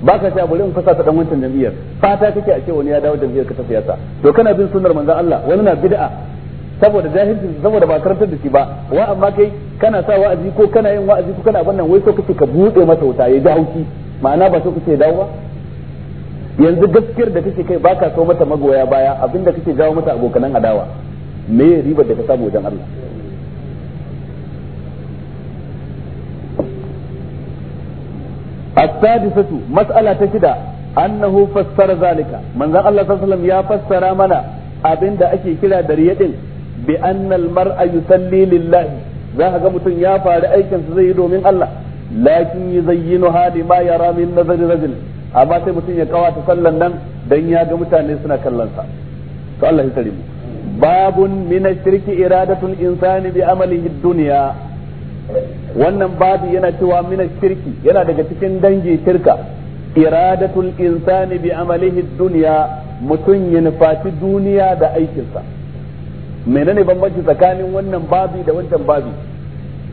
ba ka sha bore in fasa ta dan wancan jam'iyyar fata kake a ce wani ya dawo jam'iyyar ka ta siyasa to kana bin sunnar manzon Allah wani na bid'a saboda jahilci saboda ba karantar da shi ba wa amma kai kana sa wa'azi ko kana yin wa'azi ko kana abin nan wai so kace ka bude masa wuta ya ji hauki ma'ana ba so kake dawo ba yanzu gaskiyar da kace kai baka so mata magoya baya abinda kace jawo mata abokanan adawa me ribar da ka samu wajen Allah السادسة مسألة تشدى أنه فسر ذلك من ذا الله صلى الله عليه وسلم يا فسر منا abin da ake kira da bi annal mar'a yusalli lillahi za ka ga mutum ya fara aikin sa zai yi domin Allah lakin yuzayyinu hali ma yara min nazari rajul amma sai mutum ya kawata sallan nan dan ya ga mutane suna kallon sa to Allah ya tsare mu babun min shirki iradatul insani bi amalihi dunya wannan babu yana cewa min shirki yana daga cikin dangi shirka iradatul insani bi amalihi dunya mutum ya nufaci duniya da aikinsa menene bambanci tsakanin wannan babi da wancan babi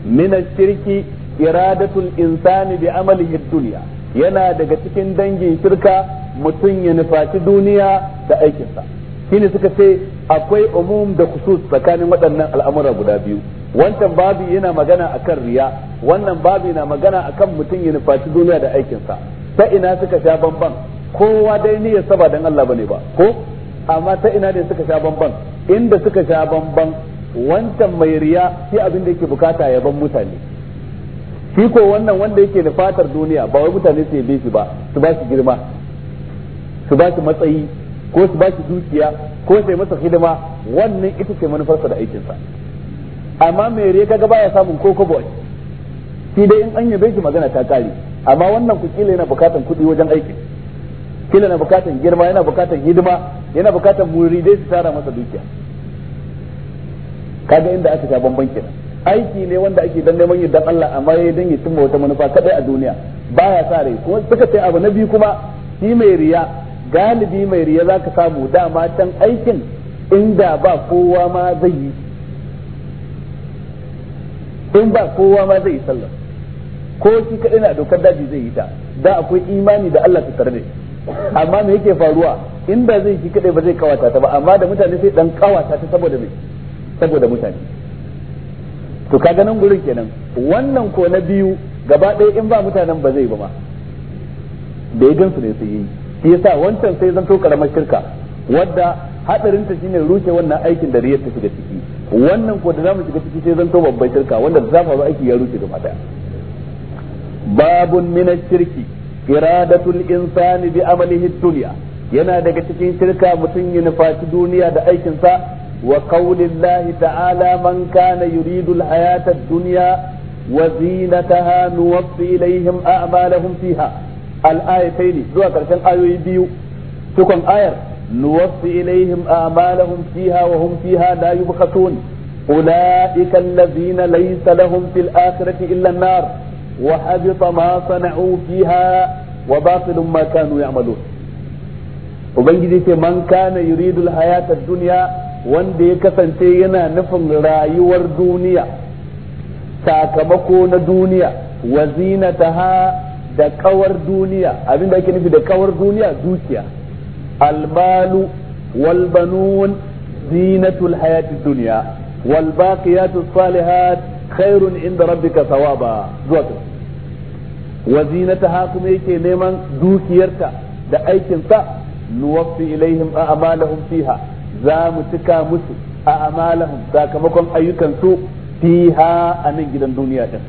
min shirki iradatul insani bi amalihi dunya yana daga cikin dangin shirka mutum ya nufaci duniya da aikinsa shine suka ce akwai umum da kusus tsakanin waɗannan al'amura guda biyu wancan babi yana magana akan riya wannan babi na magana akan mutum ya nufaci duniya da aikinsa ta ina suka sha bamban kowa dai ya saba dan Allah bane ba ko amma ta ina ne suka sha bamban inda suka sha bamban wancan mai riya shi abin da yake bukata ya ban mutane shi ko wannan wanda yake da fatar duniya ba wai mutane su yabe shi ba su ba shi girma su ba shi matsayi ko su ba shi dukiya ko su masa hidima wannan ita ce manufarsa da aikinsa amma mai riya kaga baya samun koko boy shi dai in an yabe shi magana ta kare amma wannan ku kila yana bukatan kuɗi wajen aiki kila yana bukatan girma yana bukatan hidima yana bukatar muridai su tara masa dukiya kaga inda aka ta bamban aiki ne wanda ake dan neman yadda Allah amma ya dan ya cimma wata manufa kadai a duniya baya sa rai kuma suka sai abu na biyu kuma shi mai riya galibi mai riya zaka samu dama can aikin inda ba kowa ma zai yi in ba kowa ma zai yi sallah ko shi kadai na dokar daji zai yi ta da akwai imani da Allah ta tarbe amma me yake faruwa inda zai shi kadai ba zai kawata ta ba amma da mutane sai dan kawata ta saboda me saboda mutane to ka ganin gurin kenan wannan ko na biyu gaba ɗaya in ba mutanen ba zai ba ma da ya gansu ne sai yi shi yasa wancan sai zanto karamar shirka wadda hadarin ta shine rushe wannan aikin da riyar ta shiga ciki wannan ko da zamu shiga ciki sai zanto babban shirka wanda da zafa ba aiki ya rushe gaba daya babun min shirki iradatul insani bi amalihi dunya yana daga cikin shirka mutum ya nufaci duniya da aikinsa wa qaulillahi ta'ala man kana yuridu al-hayata ad-dunya wa zinataha nuwaffi ilayhim a'malahum fiha al-ayatayn zuwa karshen ayoyi biyu tukun ayar nuwaffi ilayhim a'malahum fiha wa hum fiha la yubkhasun أولئك الذين ليس لهم في الآخرة إلا النار وحبط ما صنعوا فيها وباطل ما كانوا يعملون ubangiji ce man kana yuridul hayatad duniya wanda ya kasance yana nufin rayuwar duniya sakamako na duniya wa zinataha da kawar duniya da ake nufi da kawar duniya dukiya almalu wal zinatul hayatid dunya wal baqiyatus salihat khairun inda rabbika thawaba zuwa wa zinataha kuma yake neman dukiyarta da aikin sa nuwaffi ilaihim a'malahum fiha za mu cika musu a'malahum sakamakon ayyukan su fiha a nan gidan duniya din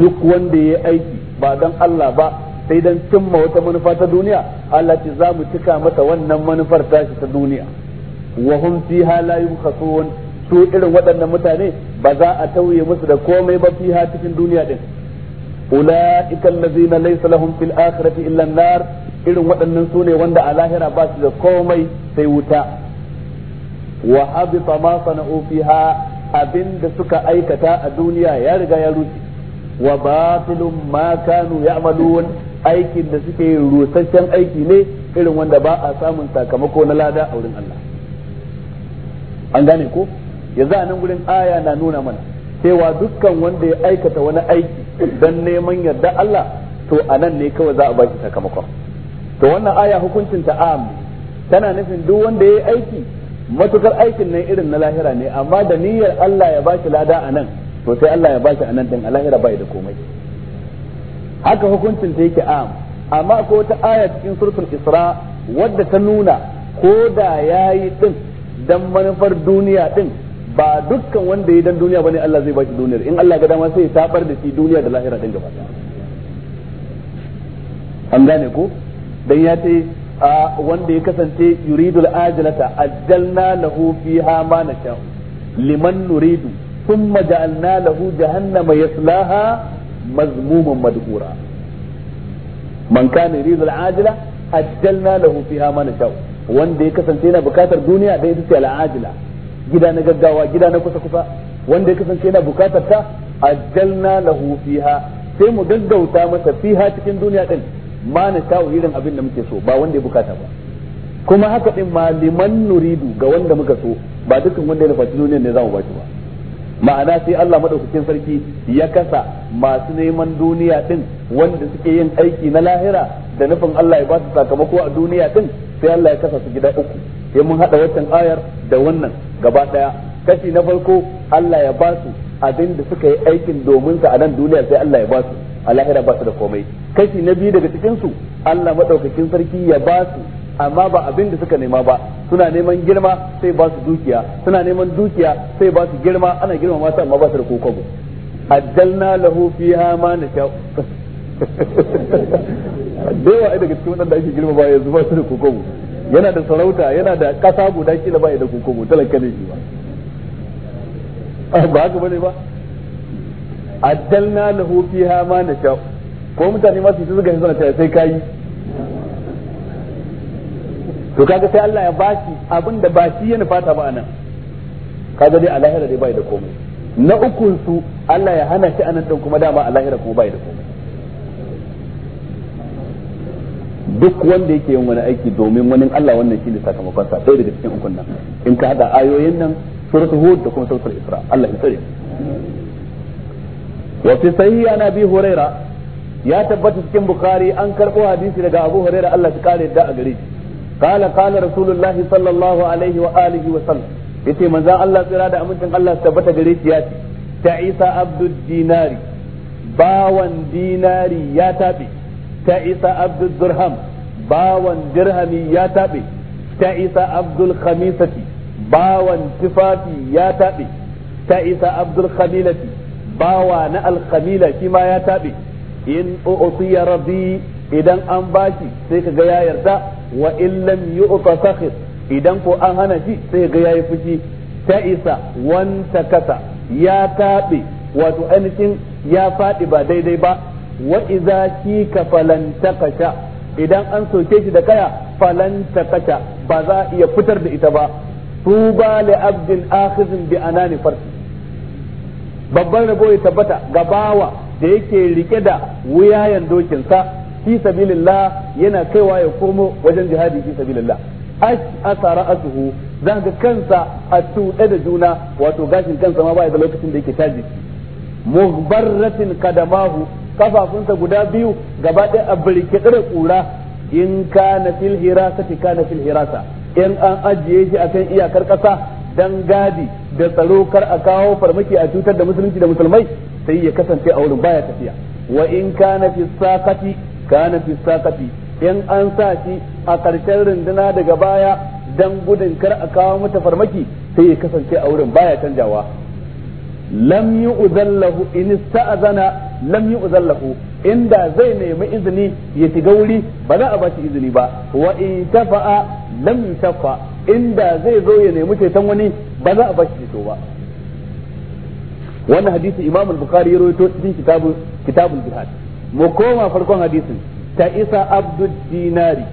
duk wanda ya aiki ba dan Allah ba sai dan cimma wata manufa ta duniya Allah ce za mu cika mata wannan manufar tashi ta duniya wa hum fiha la yubkhasun su irin waɗannan mutane ba za a tauye musu da komai ba fiha cikin duniya din ulaika allazina laysa lahum fil akhirati illa an-nar irin waɗannan su ne wanda a lahira ba su da komai sai wuta wa habita ma sana'u fiha da suka aikata a duniya ya riga ya rushe wa batilun ma kanu ya'malun aikin da suke rusasshen aiki ne irin wanda ba a samun sakamako na lada a wurin Allah an gane ko za a nan gurin aya na nuna mana cewa dukkan wanda ya aikata wani aiki don neman yarda Allah to a nan ne kawai za a baki sakamakon to wannan aya hukuncin ta am tana nufin duk wanda ya yi aiki matukar aikin nan irin na lahira ne amma da niyyar Allah ya bashi lada a nan to sai Allah ya bashi a nan din a bai da komai haka hukuncin ta yake am amma ko ta aya cikin suratul isra wadda ta nuna ko da yayi din dan manufar duniya din ba dukkan wanda ya dan duniya bane Allah zai bashi duniyar in Allah ga dama sai ya tabar da shi duniya da lahira din gaba an gane ko dan ya ce a wanda ya kasance yuridul ajilata ajjalna lahu fiha ma nasha liman nuridu thumma ja'alna lahu jahannama yaslaha mazmuman madhura man kana yuridu al-ajila lahu fiha ma nasha wanda ya kasance yana bukatar duniya da ita ce gida na gaggawa gida na kusa kusa wanda ya kasance yana bukatar ta ajjalna lahu fiha sai mu gaggauta masa fiha cikin duniya din ba na shawo irin abin da muke so ba wanda ya bukata ba kuma haka din ma liman nuridu ga wanda muka so ba dukkan wanda ya nufaci duniyar ne za mu bashi ba ma'ana sai Allah madaukakin sarki ya kasa masu neman duniya din wanda suke yin aiki na lahira da nufin Allah ya ba su sakamako a duniya din sai Allah ya kasa su gida uku sai mun hada waccan ayar da wannan gaba daya kashi na farko Allah ya ba su abin da suka yi aikin domin sa a nan duniya sai Allah ya ba su a lahira ba su da komai kashi na biyu daga cikin su Allah madaukakin sarki ya ba su amma ba abin da suka nema ba suna neman girma sai ba su dukiya suna neman dukiya sai ba su girma ana girma su amma ba su da ba ajalna lahu fiha ma nasha *laughs* dawa ai daga cikin wadanda ake girma ba yanzu ba su da kokobo yana da sarauta yana da kasa guda kila ba ya da kokobo talaka ne ba ba haka bane ba addalna lahu fiha ma nasha ko mutane ma su su ga suna ta sai kai to kaga sai Allah ya bashi abinda ba shi yana fata ba anan kaga dai a lahira dai bai da komai na ukun su Allah ya hana shi anan din kuma dama a lahira kuma bai da komai duk wanda yake yin wani aiki domin wani Allah wannan shine sakamakon sa sai daga cikin ukun nan in ka hada ayoyin nan suratul hud da kuma suratul isra Allah ya tsare wa fi sahihi an abi huraira ya tabbata cikin bukhari an karɓo hadisi daga abu huraira Allah ya kare da a gare shi qala qala rasulullahi alaihi wa alihi wa sallam yace manzon Allah tsira da amincin Allah tabbata gare shi ya ce ta Isa abdud dinari bawan dinari ya tabe ta Isa abdud dirham bawan dirhami ya tabe ta Isa abdul khamisati bawan tifati ya tabe ta Isa abdul khabilati bawa na alkamila shi ma ya tabe in u'tiya rabi idan an bashi sai kaga ya yarda wa in lam uka sakhir idan ko an hana shi sai ga yayi fushi ta isa wanta takata ya tabe wato ainihin ya faɗi ba daidai ba wa shi ka falanta takasha idan an soke shi da kaya falanta takasha ba za a iya fitar da ita ba tuba li abdin akhizin bi anani farsi babban rabo ya tabbata ga bawa da yake rike da wuyayen dokinsa fi sabilillah yana kaiwa ya komo wajen jihadi fi sabilillah ash asara asuhu zan ga kansa a tuɗe da juna wato gashin kansa ma baya da lokacin da yake taji mubarratin kadamahu kafafunsa guda biyu gaba ɗaya a birke da ƙura in kana fil fi kana fil hirasa in an ajiye shi akan iyakar ƙasa dan gadi da tsaro kar a kawo farmaki a cutar da musulunci da musulmai sai ya kasance a wurin baya tafiya wa in kana fi saqati kana fi saqati in an sa shi a karshen runduna daga baya dan gudun kar a kawo mata farmaki sai ya kasance a wurin baya canjawa lam uzallahu in ista'zana lam uzallahu inda zai nemi izini ya shiga wuri ba za a ba shi izini ba wa in tafa'a lam tafa. inda zai zo ya nemi ceton wani ba za a ba shi ceto ba wannan hadisi imam al-bukhari ya rawaito cikin kitabun kitabul jihad mu koma farkon hadisin ta isa abdud dinari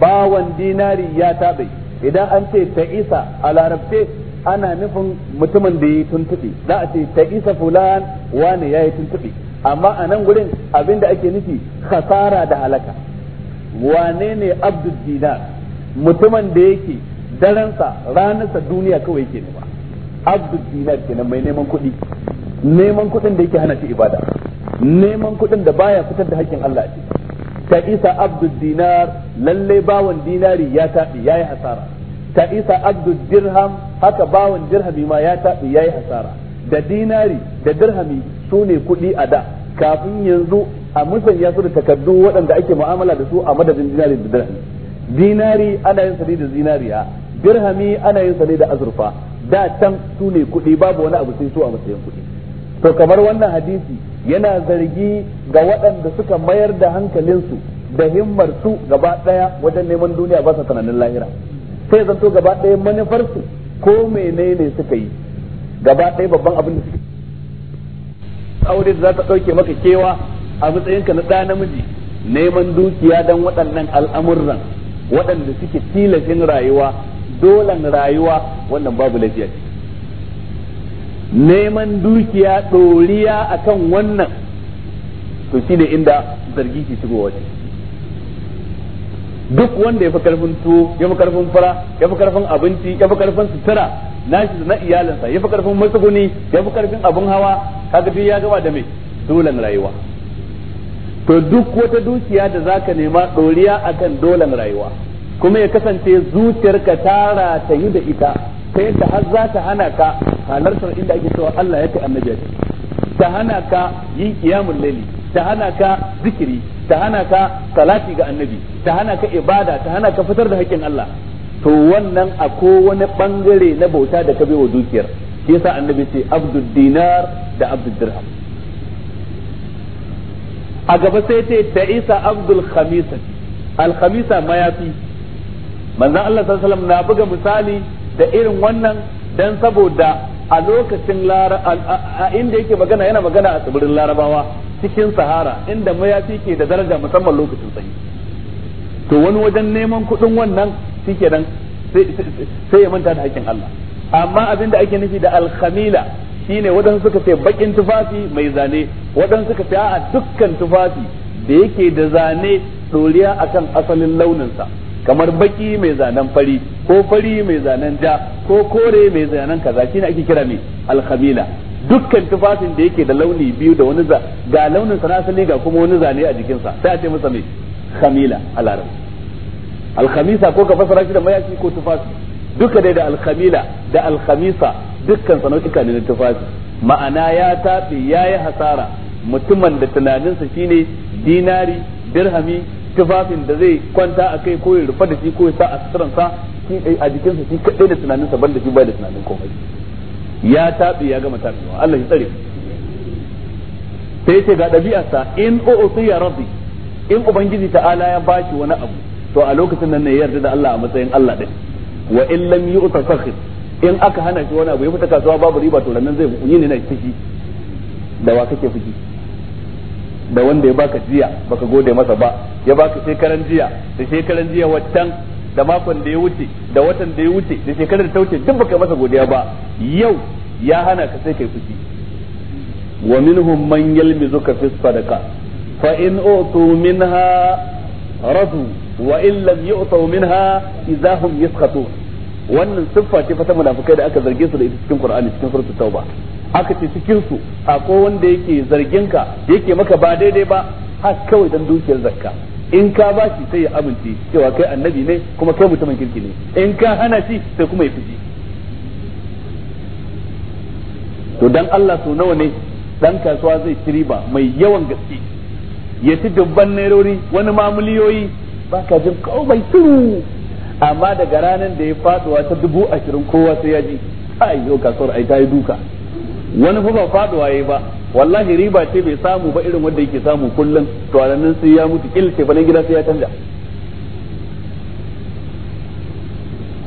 bawan dinari ya tabe idan an ce ta isa a larabce ana nufin mutumin da ya yi tuntuɓe za a ce ta isa fulan wane ya yi tuntuɓe amma a nan gurin abinda ake nufi khasara da halaka wane ne abdud dinar mutumin da yake daransa ranarsa duniya kawai yake nema abdul dinar kenan mai neman kuɗi neman kuɗin da yake hana shi ibada neman kuɗin da baya fitar da haƙƙin Allah ce ta isa abdul dinar lalle bawan dinari ya taɓi yayi hasara ta isa abdul dirham haka bawan dirhami ma ya taɓi yayi hasara da dinari da dirhami su ne kuɗi a da kafin yanzu a musanya su da takardu waɗanda ake mu'amala da su a madadin dinari da dirhami dinari ana yin sadi da zinariya birhami ana yin sa ne da azurfa da can su ne kuɗi babu wani abu sai su a matsayin kuɗi to kamar wannan hadisi yana zargi ga waɗanda suka mayar da hankalinsu da himmar su gaba ɗaya wajen neman duniya ba sa tunanin lahira sai zanto gaba ɗaya manufarsu ko menene suka yi gaba ɗaya babban abin da suka aure da za ta ɗauke maka kewa a matsayinka na ɗa namiji neman dukiya don waɗannan al'amuran waɗanda suke tilafin rayuwa dolan rayuwa wannan babu lafiya ce neman dukiya ɗoriya akan wannan to shine inda zargi ke shigowa ce duk wanda ya fi karfin tuwo ya fi karfin fara ya fi karfin abinci ya fi karfin sutura na shi na iyalinsa ya fi karfin matsuguni ya fi karfin abin hawa kaga duk ya gaba da mai dolan rayuwa to duk wata dukiya da zaka nema ɗoriya akan dolan rayuwa kuma ya kasance zuciyarka ta yi da ita ta yadda har za ta hana ka halartar inda ake cewa Allah ya kai annabi ta hana ka yin qiyamul layli ta hana ka zikiri ta hana ka salati ga annabi ta hana ka ibada ta hana ka fitar da haƙƙin Allah to wannan a wani bangare na bauta da ka bai wa zuciyar shi yasa annabi ce abdud dinar da abdud dirham a gaba sai ta isa abdul khamisati al khamisa mayafi manzan Allah sallallahu alaihi na buga misali da irin wannan dan saboda a lokacin a inda yake magana yana magana a tsibirin larabawa cikin sahara inda mayafi ke da daraja musamman lokacin sanyi to wani wajen neman kuɗin wannan shike dan sai ya manta da hakkin Allah amma abin da ake nufi da alhamila shine wadan suka ce bakin tufafi mai zane wadan suka ce a dukkan tufafi da yake da zane doriya akan asalin launin sa. kamar baki mai zanen fari ko fari mai zanen ja ko kore mai zanen kaza shine ake kira mai alkhamila dukkan tufafin da yake da launi biyu da wani ga launin sana asali ga kuma wani zane a jikinsa sai a ce masa mai khamila a larabci alkhamisa ko ka fasara shi da mayaki ko tufafi duka dai da alkhamila da alkhamisa dukkan sanau'ika ne na tufafi ma'ana ya taɓe ya yi hasara mutumin da tunaninsa shine dinari dirhami tufafin da zai kwanta a kai ko ya rufa da shi ko ya sa a suturansa a jikinsa shi kaɗai da tunaninsa ban da shi ba da tunanin komai ya taɓe ya gama taɓewa Allah ya tsare sai ce ga ɗabi'arsa in ya rabbi in ubangiji ta'ala ya bashi wani abu to a lokacin nan ne ya yarda da Allah a matsayin Allah din wa in lam yu'ta sakhir in aka hana shi wani abu ya fita kasuwa babu riba to nan zai yi ne na fushi da wa kake fushi da wanda ya baka jiya baka gode masa ba ya baka shekaran jiya da shekaran jiya waccan da makon da ya wuce da watan da ya wuce da shekarar da ta wuce duk baka masa godiya ba yau ya hana ka sai kai fushi wa minhum man yalmizuka fi sadaqa fa in utu minha radu wa in lam yu'tu minha idahum yasqatun wannan siffa ce fa ta munafikai da aka zarge su da ita cikin Qur'ani cikin suratul Tauba aka ce cikin su ko wanda yake zargin ka yake maka ba daidai ba har kawai dan dukiyar zakka in ka ba shi sai ya amince cewa kai annabi ne kuma kai mutumin kirki ne in ka hana shi sai kuma ya fuji to dan Allah so nawa ne dan kasuwa zai ci riba mai yawan gaske ya ci dubban nairori wani ma miliyoyi ba ka jin turu amma daga ranar da ya faduwa ta dubu ashirin kowa sai ya ji ai yau kasuwar ai ta yi duka wani fa ba faduwa yayi ba wallahi riba ce bai samu ba irin wanda yake samu kullum to nan sai ya mutu kilce ba nan gida sai ya canja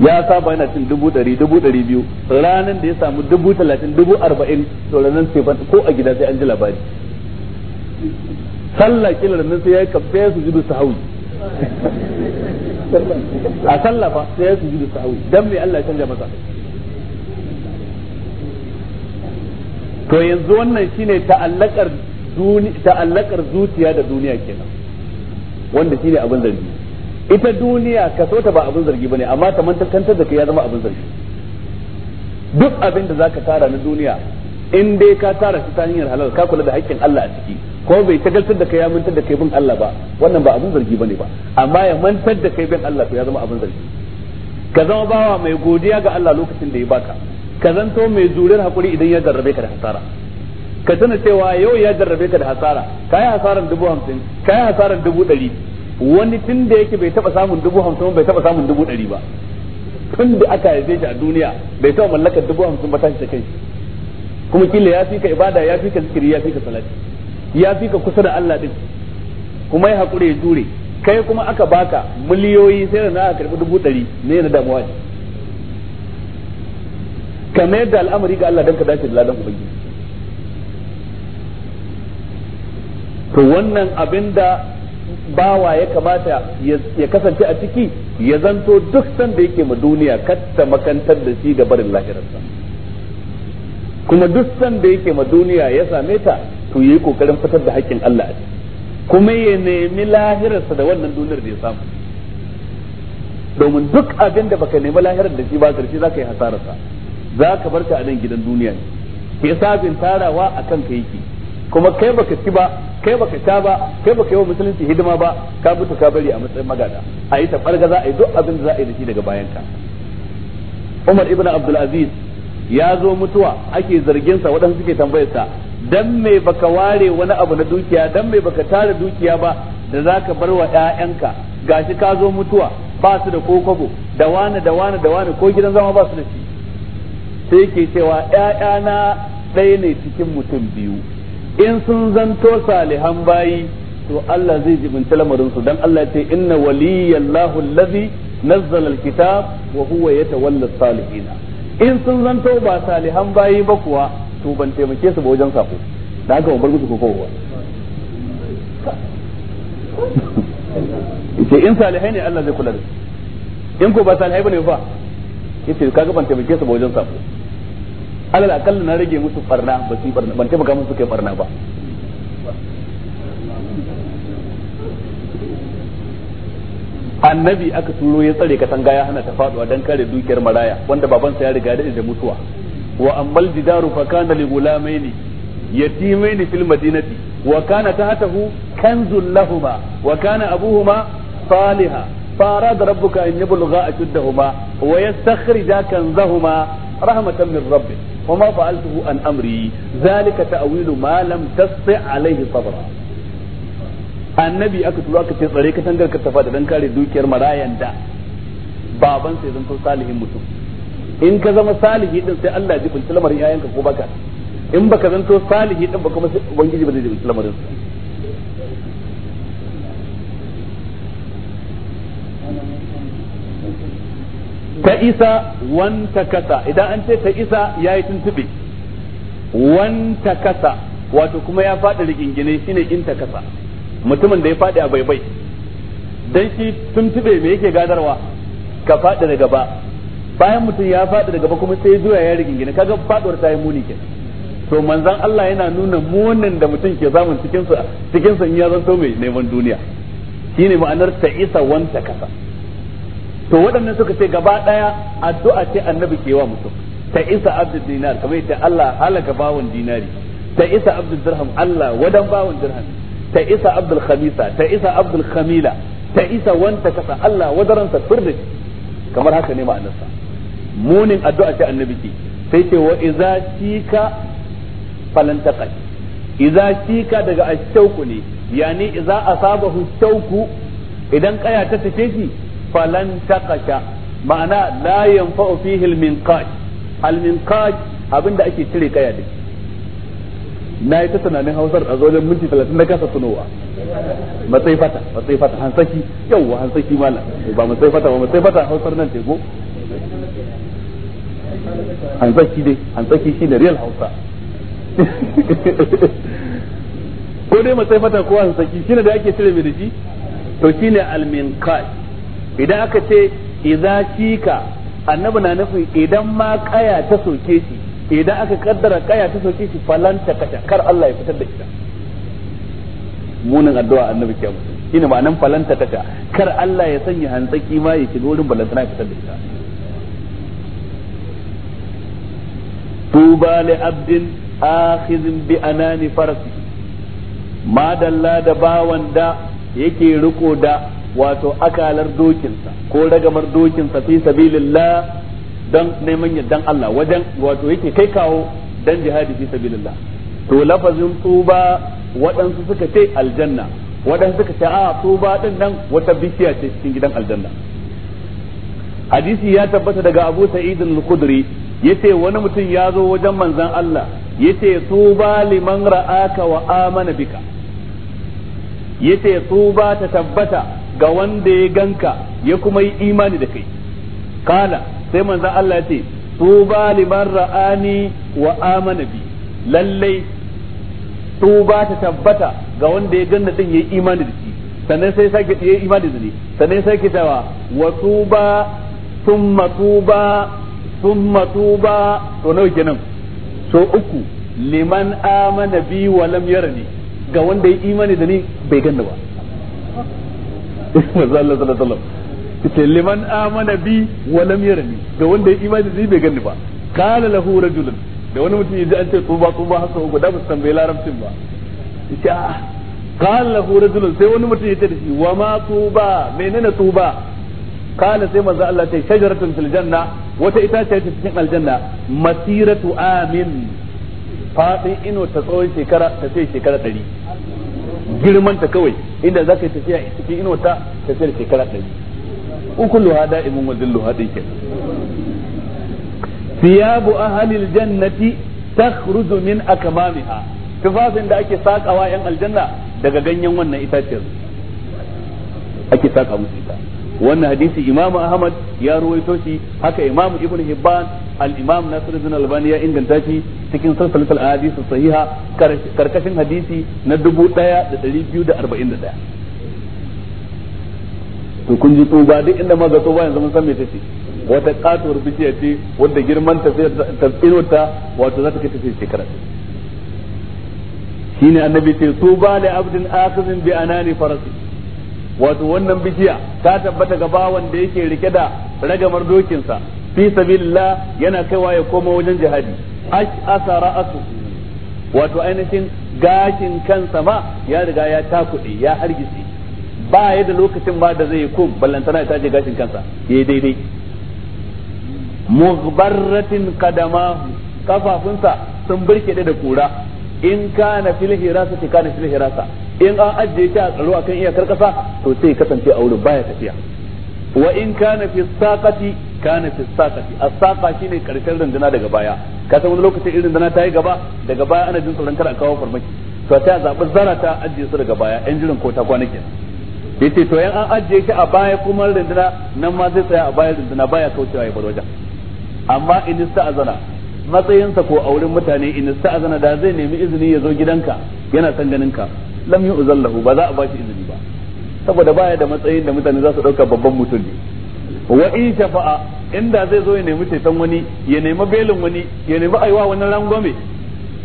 ya saba yana cin dubu ɗari dubu ɗari biyu ranan da ya samu dubu talatin dubu arba'in to ranar sai ko a gida sai an ji labari sallah kila ranar sai ya yi kafe su judu su hauyi a sallah ba sai ya su judu su hauyi dan me Allah ya canja masa to yanzu wannan shine ta'allakar ta'allakar zuciya da duniya kenan wanda shine abin zargi ita duniya kaso ta ba abin zargi bane amma ta kantar da kai ya zama abin zargi duk abin da zaka tara na duniya in dai ka tara shi ta hanyar halal ka kula da haƙƙin Allah a ciki ko bai tagaltar da kai ya mantar da kai bin Allah ba wannan ba abin zargi bane ba amma ya mantar da kai bin Allah to ya zama abin zargi ka zama bawa mai godiya ga Allah lokacin da ya baka ka zanto mai juriyar hakuri idan ya jarrabe ka da hasara ka tana cewa yau ya jarrabe ka da hasara ka yi hasaran dubu hamsin ka yi hasaran dubu ɗari wani tun da yake bai taɓa samun dubu hamsin bai taɓa samun dubu ɗari ba tun da aka haife shi a duniya bai taɓa mallakar dubu hamsin ba tashi ta kai kuma kila ya fi ka ibada ya fi ka zikiri ya fi ka salati ya fi ka kusa da Allah din kuma ya haƙure ya jure kai kuma aka baka miliyoyi sai da na karɓi dubu ɗari ne na damuwa ne kamar yadda da al'amari ga Allah don ka dace da ladan ubangiji to wannan abinda bawa ya kamata ya kasance a ciki ya zanto duk sanda yake ma duniya katta makantar da shi ga barin lahirarsa kuma duk sanda yake ma duniya ya same ta to yayi kokarin fitar da haƙƙin Allah a ciki kuma ya nemi lahirarsa da wannan duniyar da ya samu domin duk abin da baka nemi lahirar da shi ba karshe zaka yi hasararsa za ka bar ta a nan gidan duniya ne ke sabin tarawa a kan ka yake kuma kai baka ci ba kai baka ta ba kai baka yi wa musulunci hidima ba ka mutu ka bari a matsayin magada a yi tafarga za a yi duk abin da za a yi da shi daga bayan ka Umar ibn Abdul Aziz ya zo mutuwa ake zargin sa waɗansu suke tambayar sa dan me baka ware wani abu na dukiya dan me baka tara dukiya ba da zaka bar wa ƴaƴanka gashi ka zo mutuwa ba su da ko kwabo da wani da wani da wani ko gidan zama ba su da shi sai ke cewa ‘ya'yana ɗaya ne cikin mutum biyu in sun zanto salihan bayi to Allah zai jibinci lamarinsu don Allah ce inna waliyallahu allazi nazzala alkitab wa huwa yatawalla salihina in sun zanto ba salihan bayi ba kuwa to ban taimake su ba wajen sako da haka ban bar musu kokowa *laughs* ce in salihai ne Allah zai kula da su in ko ba salihai bane fa yace kaga ban taimake su ba wajen sako alal akalla na rage musu barna ba su barna ban taimaka musu kai barna ba annabi aka turo ya tsare katanga ya hana ta faduwa dan kare dukiyar maraya wanda babansa ya riga da mutuwa wa ammal jidaru fa kana li gulamaini yatimaini fil madinati wa kana tahtahu kanzul lahumma wa kana abuhuma saliha فأراد ربك أن يبلغا أشدهما ويستخرجا كنزهما رحمة من ربك wa ma fa'altuhu an amri zalika ta'wilu ma lam tasti alaihi sabra annabi aka tura aka ce tsare ka tangar ka tafa da dan kare dukiyar marayan da baban sai zanto salihin mutum in ka zama salihi din sai Allah ya jibinta lamarin yayanka ko baka in baka to salihi din ba kuma sai ubangiji ba zai jibin lamarin su ta isa wanta kasa idan an ce ta isa ya yi tuntube wanta kasa wato kuma ya faɗi rigingine ne in ta kasa mutumin da ya faɗi a baibai don shi tuntube me yake gadarwa ka faɗi daga ba bayan mutum ya faɗi daga ba kuma sai zuwa ya rigingine kaga faɗuwar ta yi muni ke to manzan Allah yana nuna munin da mutum ke zamun cikin su cikin ya zanto mai neman duniya shine ma'anar ta isa wanta kasa to waɗannan suka ce gaba ɗaya addu'a ce annabi ke wa mutum ta isa abdul dinar kamar yadda Allah halaka bawon dinari ta isa abdul dirham Allah wadan bawon dirham ta isa abdul khamisa ta isa abdul khamila ta isa wanta kasa Allah wadaran ta turdi kamar haka ne ma'anarsa munin addu'a ce annabi ke sai ce wa iza tika falantaqat iza tika daga ashauku ne yani iza asabahu shauku idan kaya ta tace shi falan taqasha ma'ana la yanfa'u fihi al-minqaj al-minqaj abinda ake cire kaya da na yi ta tunanin hausar a zolin minti talatin na kasa tunowa matsayi fata matsayi fata hansaki yauwa hansaki mala ba matsayi fata ba matsayi fata hausar nan tego hansaki dai hansaki shi ne real hausa *laughs* ko dai matsayi fata ko hansaki shi ne da ake cire mai da shi to shi ne alminkai idan aka ce idza shika annabi na nufin idan ma kaya ta soke shi idan aka kaddara kaya ta soke shi falan ta kasha kar Allah ya fitar da ita munin addu'a annabi ke musu shine ma'anan falan ta kasha kar Allah ya sanya hantsaki ma ya shiga wurin balantana ya fitar da ita tuba li abdin akhizin bi anani farasi madalla da bawan da yake riko da wato akalar dokinsa ko ragamar dokinsa fi sabilillah dan neman yardan Allah wajen wato yake kai kawo dan jihadi fi sabilillah to lafazin tuba waɗansu suka ce aljanna waɗansu suka ce a tuba din nan wata bishiya ce cikin gidan aljanna hadisi ya tabbata daga Abu Sa'id al-Khudri yace wani mutum ya zo wajen manzon Allah yace tuba liman ra'aka wa amana bika yace tuba ta tabbata ga wanda ya ganka ya kuma yi imani da kai kala sai manzo Allah ya ce tuba liman ra'ani wa amana bi lallai tuba ta tabbata ga wanda ya ganna din yayi imani da shi sannan sai sake yayi imani da ni sannan sai ke cewa wa tuba thumma tuba thumma tuba to nawa kenan so uku liman amana bi wa lam yarani ga wanda ya imani da ni bai ganna ba *laughs* manzo Allah sallallahu alaihi wasallam liman amana bi wa lam yarani da wanda ya imani zai bai gani ba qala lahu rajulun da wani mutum yaji an ce tuba tuba haka da larabcin ba a qala lahu rajulun sai wani mutum yace da shi wa ma tuba menene tuba qala sai manzo Allah ce shajaratun fil janna wata itace ce cikin aljanna masiratu amin fadin ino ta tsawon shekara ta ce shekara 100 girman ta kawai inda zaka yi tafiya cikin inuwa ta tafiyar shekara ɗari ukulluha da'imun wa zilluha dinkin thiyabu ahlil jannati takhruju min akmamiha tufafin da ake sakawa yan aljanna daga ganyen wannan itaciyar ake saka musu ita wannan hadisi imamu ahmad ya ruwaito shi haka imamu ibnu hibban al-imam nasiruddin albani ya inganta shi cikin sarfalatul ahadith sahiha karkashin hadisi na 1241 to kun ji tuba duk inda ma ga tuba yanzu mun san me tace wata katuwar bishiya ce wadda girman tafsirinta wato za ta kai tafiya shekara shine annabi ce tuba li abdin akhizin bi anani farasi wato wannan bishiya ta tabbata ga bawan da yake rike da ragamar dokinsa fi sabilillah yana kaiwa ya koma wajen jihadi asara asu. wato ainihin gashin kansa ma ya riga ya takuɗe ya hargitse ba ya da lokacin ba da zai ko ballantana ya taje gashin kansa ya yi daidai mughbarratin qadamahu kafafunsa sun burke da kura in kana fil hirasa kana fil hirasa in an ajiye shi a tsaro akan iyakar kasa to sai kasance a wurin baya tafiya wa in kana fi saqati kana fi saqati as-saqa shine karshen runduna daga baya ka san wani lokacin irin runduna ta yi gaba daga baya ana jin tsoron kar a kawo farmaki to a zabi zara ta ajiye su daga baya yan jiran ko ta kwanaki yace to yan an ajiye shi a baya kuma runduna nan ma zai tsaya a baya runduna baya kaucewa ya bar wajen amma in azana matsayinsa ko a wurin mutane in azana da zai nemi izini ya zo gidanka yana son ganinka lam yu'zallahu ba za a ba shi izini saboda baya da matsayin da mutane za su ɗauka babban mutum ne wa in shafa'a inda zai zo ya nemi ceton wani ya nemi belin wani ya nemi aiwa wani rangwame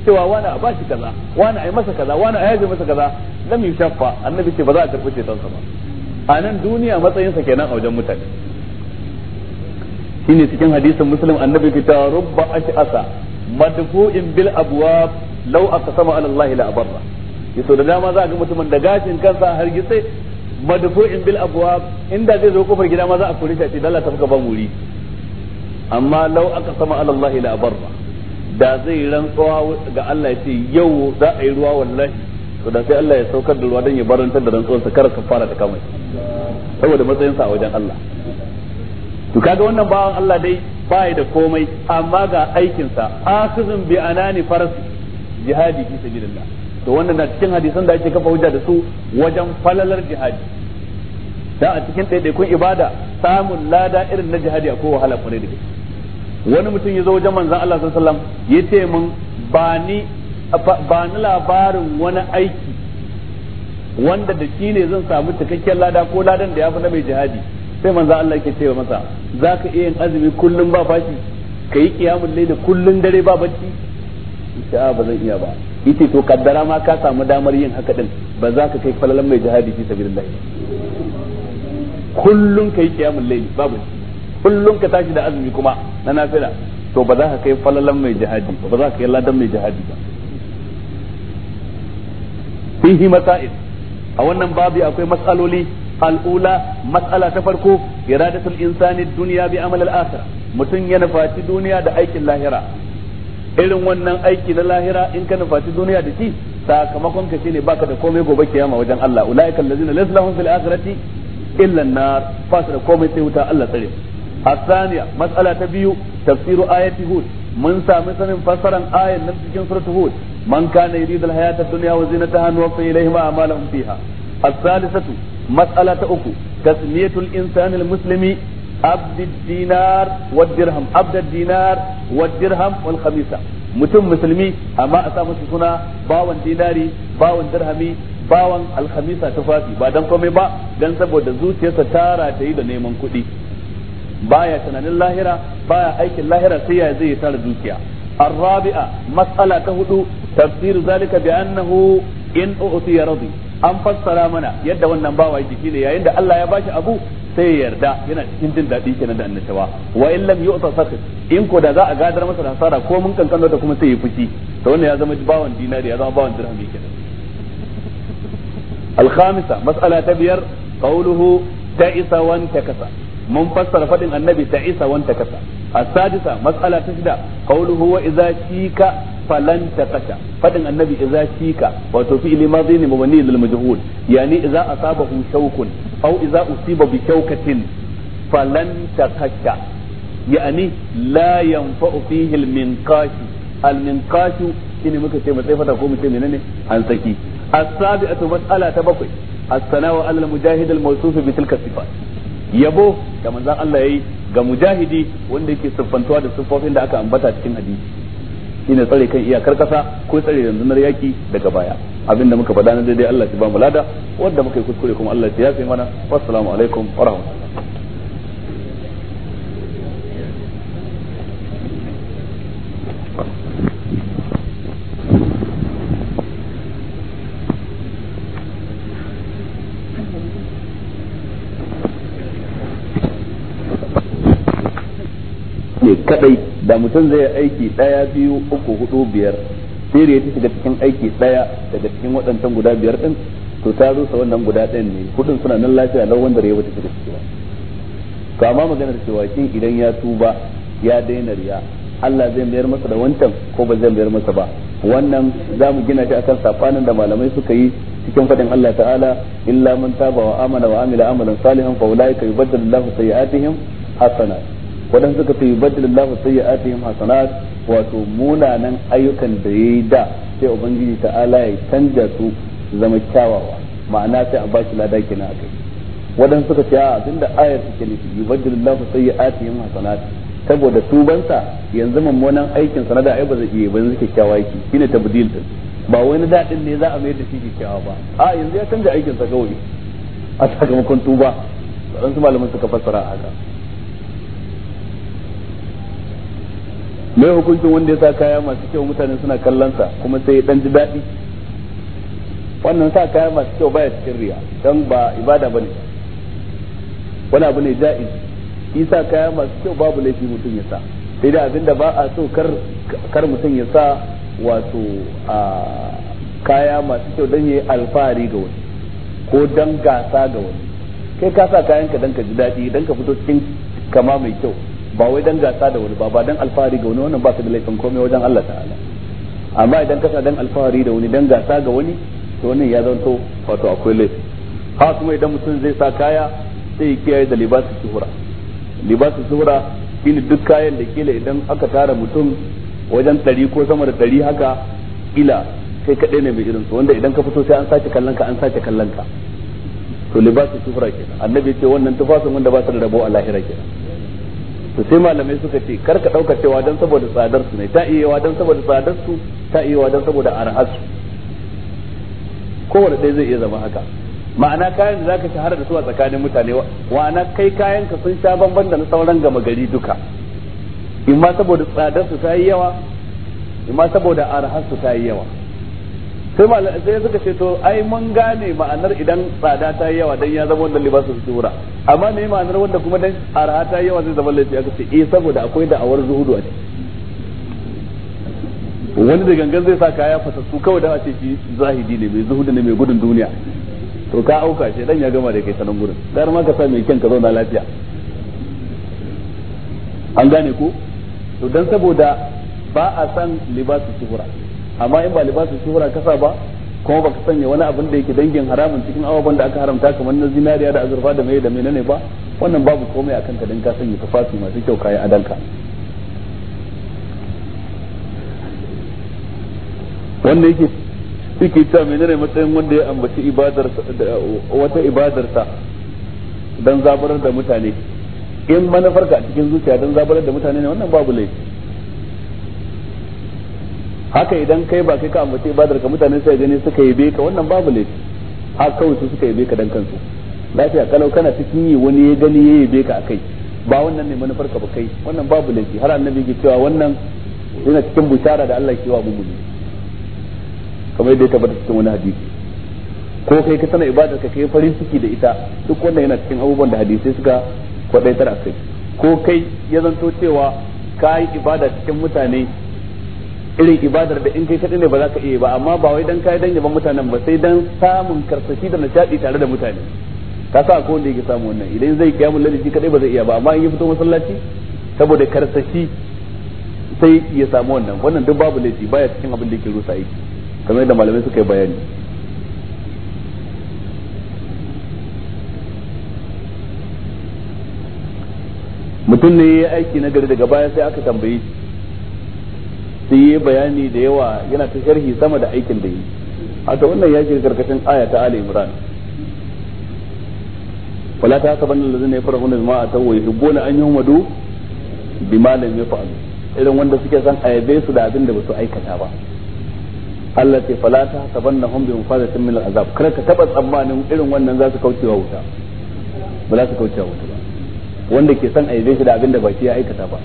cewa wani a bashi kaza wani a yi masa kaza wani a yaje masa kaza lam yushaffa annabi ce ba za a karɓi ceton sa ba a nan duniya matsayinsa kenan a wajen mutane shine cikin hadisin muslim annabi ke ta rubba asa madfu'in bil abwab law aqsama ala allahi la abarra yaso da dama za a ga mutumin da gashin kansa har gitse madfu'in bil abwab inda zai zo kofar gida ma za a kore shi a ce dalla ta fuka ban wuri amma law aka sama ala Allah la barra da zai rantsuwa ga Allah ya ce yau za a yi ruwa wallahi to da sai Allah ya saukar da ruwa dan ya barantar da rantsuwar sa kar fara ta kamai saboda matsayin sa a wajen Allah to kaga wannan bawan Allah dai baya da komai amma ga aikin sa akizun bi anani farasi jihadi fi sabilillah to wannan na cikin hadisan da ake kafa hujja da su wajen falalar jihadi da a cikin ɗaiɗaikun ibada samun lada irin na jihadi a ko wahala kwarai da gaske wani mutum ya zo wajen manzon Allah sallallahu alaihi wasallam ya ce min ba ni labarin wani aiki wanda da shi ne zan samu cikakken lada ko ladan da ya fi na mai jihadi sai manzo Allah ke cewa masa zaka iya yin azumi kullum ba fashi ka yi kiyamul layl kullum dare ba bacci ita ba zan iya ba yace to kaddara ma ka samu damar yin haka din ba za ka kai falalan mai jihadi fi sabilillah kullun kai kiyamul layli babu kullun ka tashi da azumi kuma na nafila to ba za ka kai falalan mai jihadi ba za ka kai ladan mai jihadi ba fihi masail a wannan babu akwai matsaloli al'ula matsala ta farko iradatul insani duniya bi amal al-akhirah mutum ya nufaci duniya da aikin lahira irin wannan aiki na lahira in ka nufaci duniya da shi sakamakon ne shine baka da komai gobe kiyama wajen Allah ulaika allazina laysa lahum fil akhirati illa an-nar fasu da komai sai wuta Allah tsare asaniya mas'ala ta biyu tafsiru ayati hud mun sami sanin fassaran ayan nan cikin suratu hud man kana yuridu al-hayata ad-dunya wa zinataha wa fa ilayhim amalahum fiha as-salisatu mas'ala ta uku tasmiyatul insani al-muslimi abd dinar wa mutum musulmi amma a sa masa suna bawan dinari bawan dirhami bawan alhamisa tufafi ba dan komai ba dan saboda zuciyarsa tara ta yi da neman kuɗi baya tunanin lahira baya aikin lahira sai ya zai tara dukiya الرابعة مسألة تهدو تفسير ذلك بأنه إن ya رضي an fassara mana yadda wannan bawa yake shine yayin da Allah ya bashi abu sai yarda yana cikin jin daɗi kenan da annashawa wa in lam yu'ta sakit in ko da za a gadar masa da hasara ko mun kankano da kuma sai ya fushi to wannan ya zama bawan dinari ya zama bawan dirhami kenan al-khamisa mas'ala ta biyar qawluhu ta'isa wan takasa mun fassara fadin annabi ta'isa wan takasa as-sadisa mas'ala ta shida qawluhu wa idza shika falan taqata fadin annabi idza shika wato fi'li madhi ne mabni lil majhul yani idza asabahu shawkun aw idza usiba bi shawkatin falan taqata yani la yanfa'u fihi al minqash al minqash shine muka ce matsayi fata ko mu ce menene an saki as-sabi'atu mas'ala ta bakwai as-sana'u al mujahid al mawsuf bi tilka sifat yabo da manzon Allah yayi ga mujahidi wanda yake siffantuwa da siffofin da aka ambata cikin hadisi shine tsare kan iyakar kasa ko tsare rundunar yaki daga baya abin da muka faɗa na daidai Allah ya ba mu lada wanda muka yi kuskure kuma Allah ya yafe mana assalamu alaikum wa rahmatullahi kadai da mutum zai aiki daya biyu uku hudu biyar sai da ya shiga cikin aiki daya daga cikin waɗancan guda biyar din to ta zo sa wannan guda ɗayan ne hudun suna nan lafiya lau wanda ya wata shiga cikin to amma maganar cewa kin idan ya tuba ya daina riya Allah zai mayar masa da wancan ko ba zai mayar masa ba wannan za mu gina shi akan safanin da malamai suka yi cikin faɗin Allah ta'ala illa man taba wa amana wa amila amalan salihan fa ulaika yubaddalu Allahu sayi'atihim hasanat wadan suka ce yubaddilu Allahu sayyi'atihim hasanat wato munanan ayyukan da yayi da sai ubangiji ta'ala ya canja su zama kyawawa ma'ana sai a bashi lada kenan akai wadan suka ce a tunda ayar take nufi yubaddilu Allahu sayyi'atihim hasanat saboda tubansa yanzu mummunan aikin sana da ai ba zai iya ba zai kyakkyawa yake shine tabdil din ba wani dadin ne za a mayar da shi ke kyakkyawa ba a yanzu ya canja aikin sa kawai a sakamakon tuba waɗansu malamin suka fassara haka mai hukuncin wanda ya sa kaya masu kyau mutane suna kallon sa kuma sai dan ji daɗi wannan sa kaya masu kyau baya cikin riya dan ba ibada bane wani abu ne ja'iz isa kaya masu kyau babu laifi mutum ya sa sai da abinda ba a so kar kar mutum ya sa wato a kaya masu kyau dan yayi alfahari ga wani ko dan gasa ga wani kai ka sa kayan ka dan ka ji daɗi dan ka fito cikin kama mai kyau ba wai dan gasa da wani ba ba dan alfahari ga wani wannan ba su da laifin komai wajen Allah ta'ala amma idan kasa dan alfahari da wani dan gasa ga wani to wannan ya zanto wato akwai laifi ha kuma idan mutum zai sa kaya sai ya kiyaye da libasu suhura libasu suhura shine duk kayan da kila idan aka tara mutum wajen ɗari ko sama da ɗari haka ila sai kaɗai ne mai irin su wanda idan ka fito sai an sace kallon ka an sace kallon ka to libasu suhura kenan annabi ce wannan tufafin wanda ba su da rabo a lahira kenan to sai malamai suka ce kar ka dauka cewa dan saboda tsadar su ne ta iya yawa dan saboda tsadar su ta iya yawa dan saboda arhas su kowanne ɗaya zai iya zama haka ma'ana kayan da zaka shahara da su a tsakanin mutane ana kai kayan ka sun sha banban da na sauran gama gari duka in ma saboda tsadar su ta yi yawa in ma saboda arhas su ta yi yawa sai ma sai suka ce to ai mun gane ma'anar idan tsada ta yi yawa dan ya zama wannan su tura amma me ma'anar wanda kuma dan araha ta yi yawa zai zama laifi aka ce eh saboda akwai da awar zuhudu a ciki wani da gangan zai sa kaya fasassu kawai da a ce shi zahidi ne mai zuhudu ne mai gudun duniya to ka auka shi dan ya gama da kai sanan gurin dan ma ka sa mai kyan ka zauna lafiya an gane ko to dan saboda ba a san su tura amma in ba libasin shuhura kasa ba kuma baka sanya wani abin da yake dangin haramun cikin ababen da aka haramta kamar na zinariya da azurfa da mai da menene ba wannan babu komai a kanka dan ka sanya tufafi masu kyau kayan adalka wanda yake yake cewa menene matsayin wanda ya ambaci wata ibadarsa dan zabarar da mutane in manufarka cikin zuciya dan zabarar da mutane ne wannan babu laifi haka idan kai ba kai ka ambaci ibadar ka mutane sai gani suka yabe ka wannan babu laifi har kawai su suka yabe ka dan kansu lafiya kalau kana cikin yi wani ya gani ya yabe ka akai ba wannan ne manufar ka ba kai wannan babu laifi har annabi ke cewa wannan yana cikin bushara da Allah ke wa mu'mini kamar yadda ya tabbata cikin wani hadisi ko kai ka sana ibadar ka kai farin ciki da ita duk wannan yana cikin abubuwan da hadisi suka kwadaitar akai ko kai ya zanto cewa ka yi ibada cikin mutane irin ibadar da in kai kadai ne ba za ka iya ba amma ba wai dan kai dan yaban mutanen ba sai dan samun karsashi da nishadi tare da mutane ka sa ko wanda yake samu wannan idan zai kiyamul laili shi kadai ba zai iya ba amma in ya fito masallaci saboda karsashi sai ya samu wannan wannan duk babu laifi baya cikin abin da yake rusa aiki kamar yadda malamai suka yi bayani mutum ne ya yi aiki na gari daga baya sai aka tambaye shi sai yi bayani da yawa yana ta sharhi sama da aikin da yi haka wannan ya shiga karkashin aya ta Ali Imran fala ta haka bannin lazina ya fara hunan ma'a ta wai na an yi humadu bi malam ya fa'alu irin wanda suke san ayabe su da abin da ba su aikata ba Allah ce fala ta haka bannin hum bi mufadatin min azab kar ka taba tsammanin irin wannan za su kaucewa wuta ba za su kaucewa wuta ba wanda ke san ayabe su da abin da ba ya aikata ba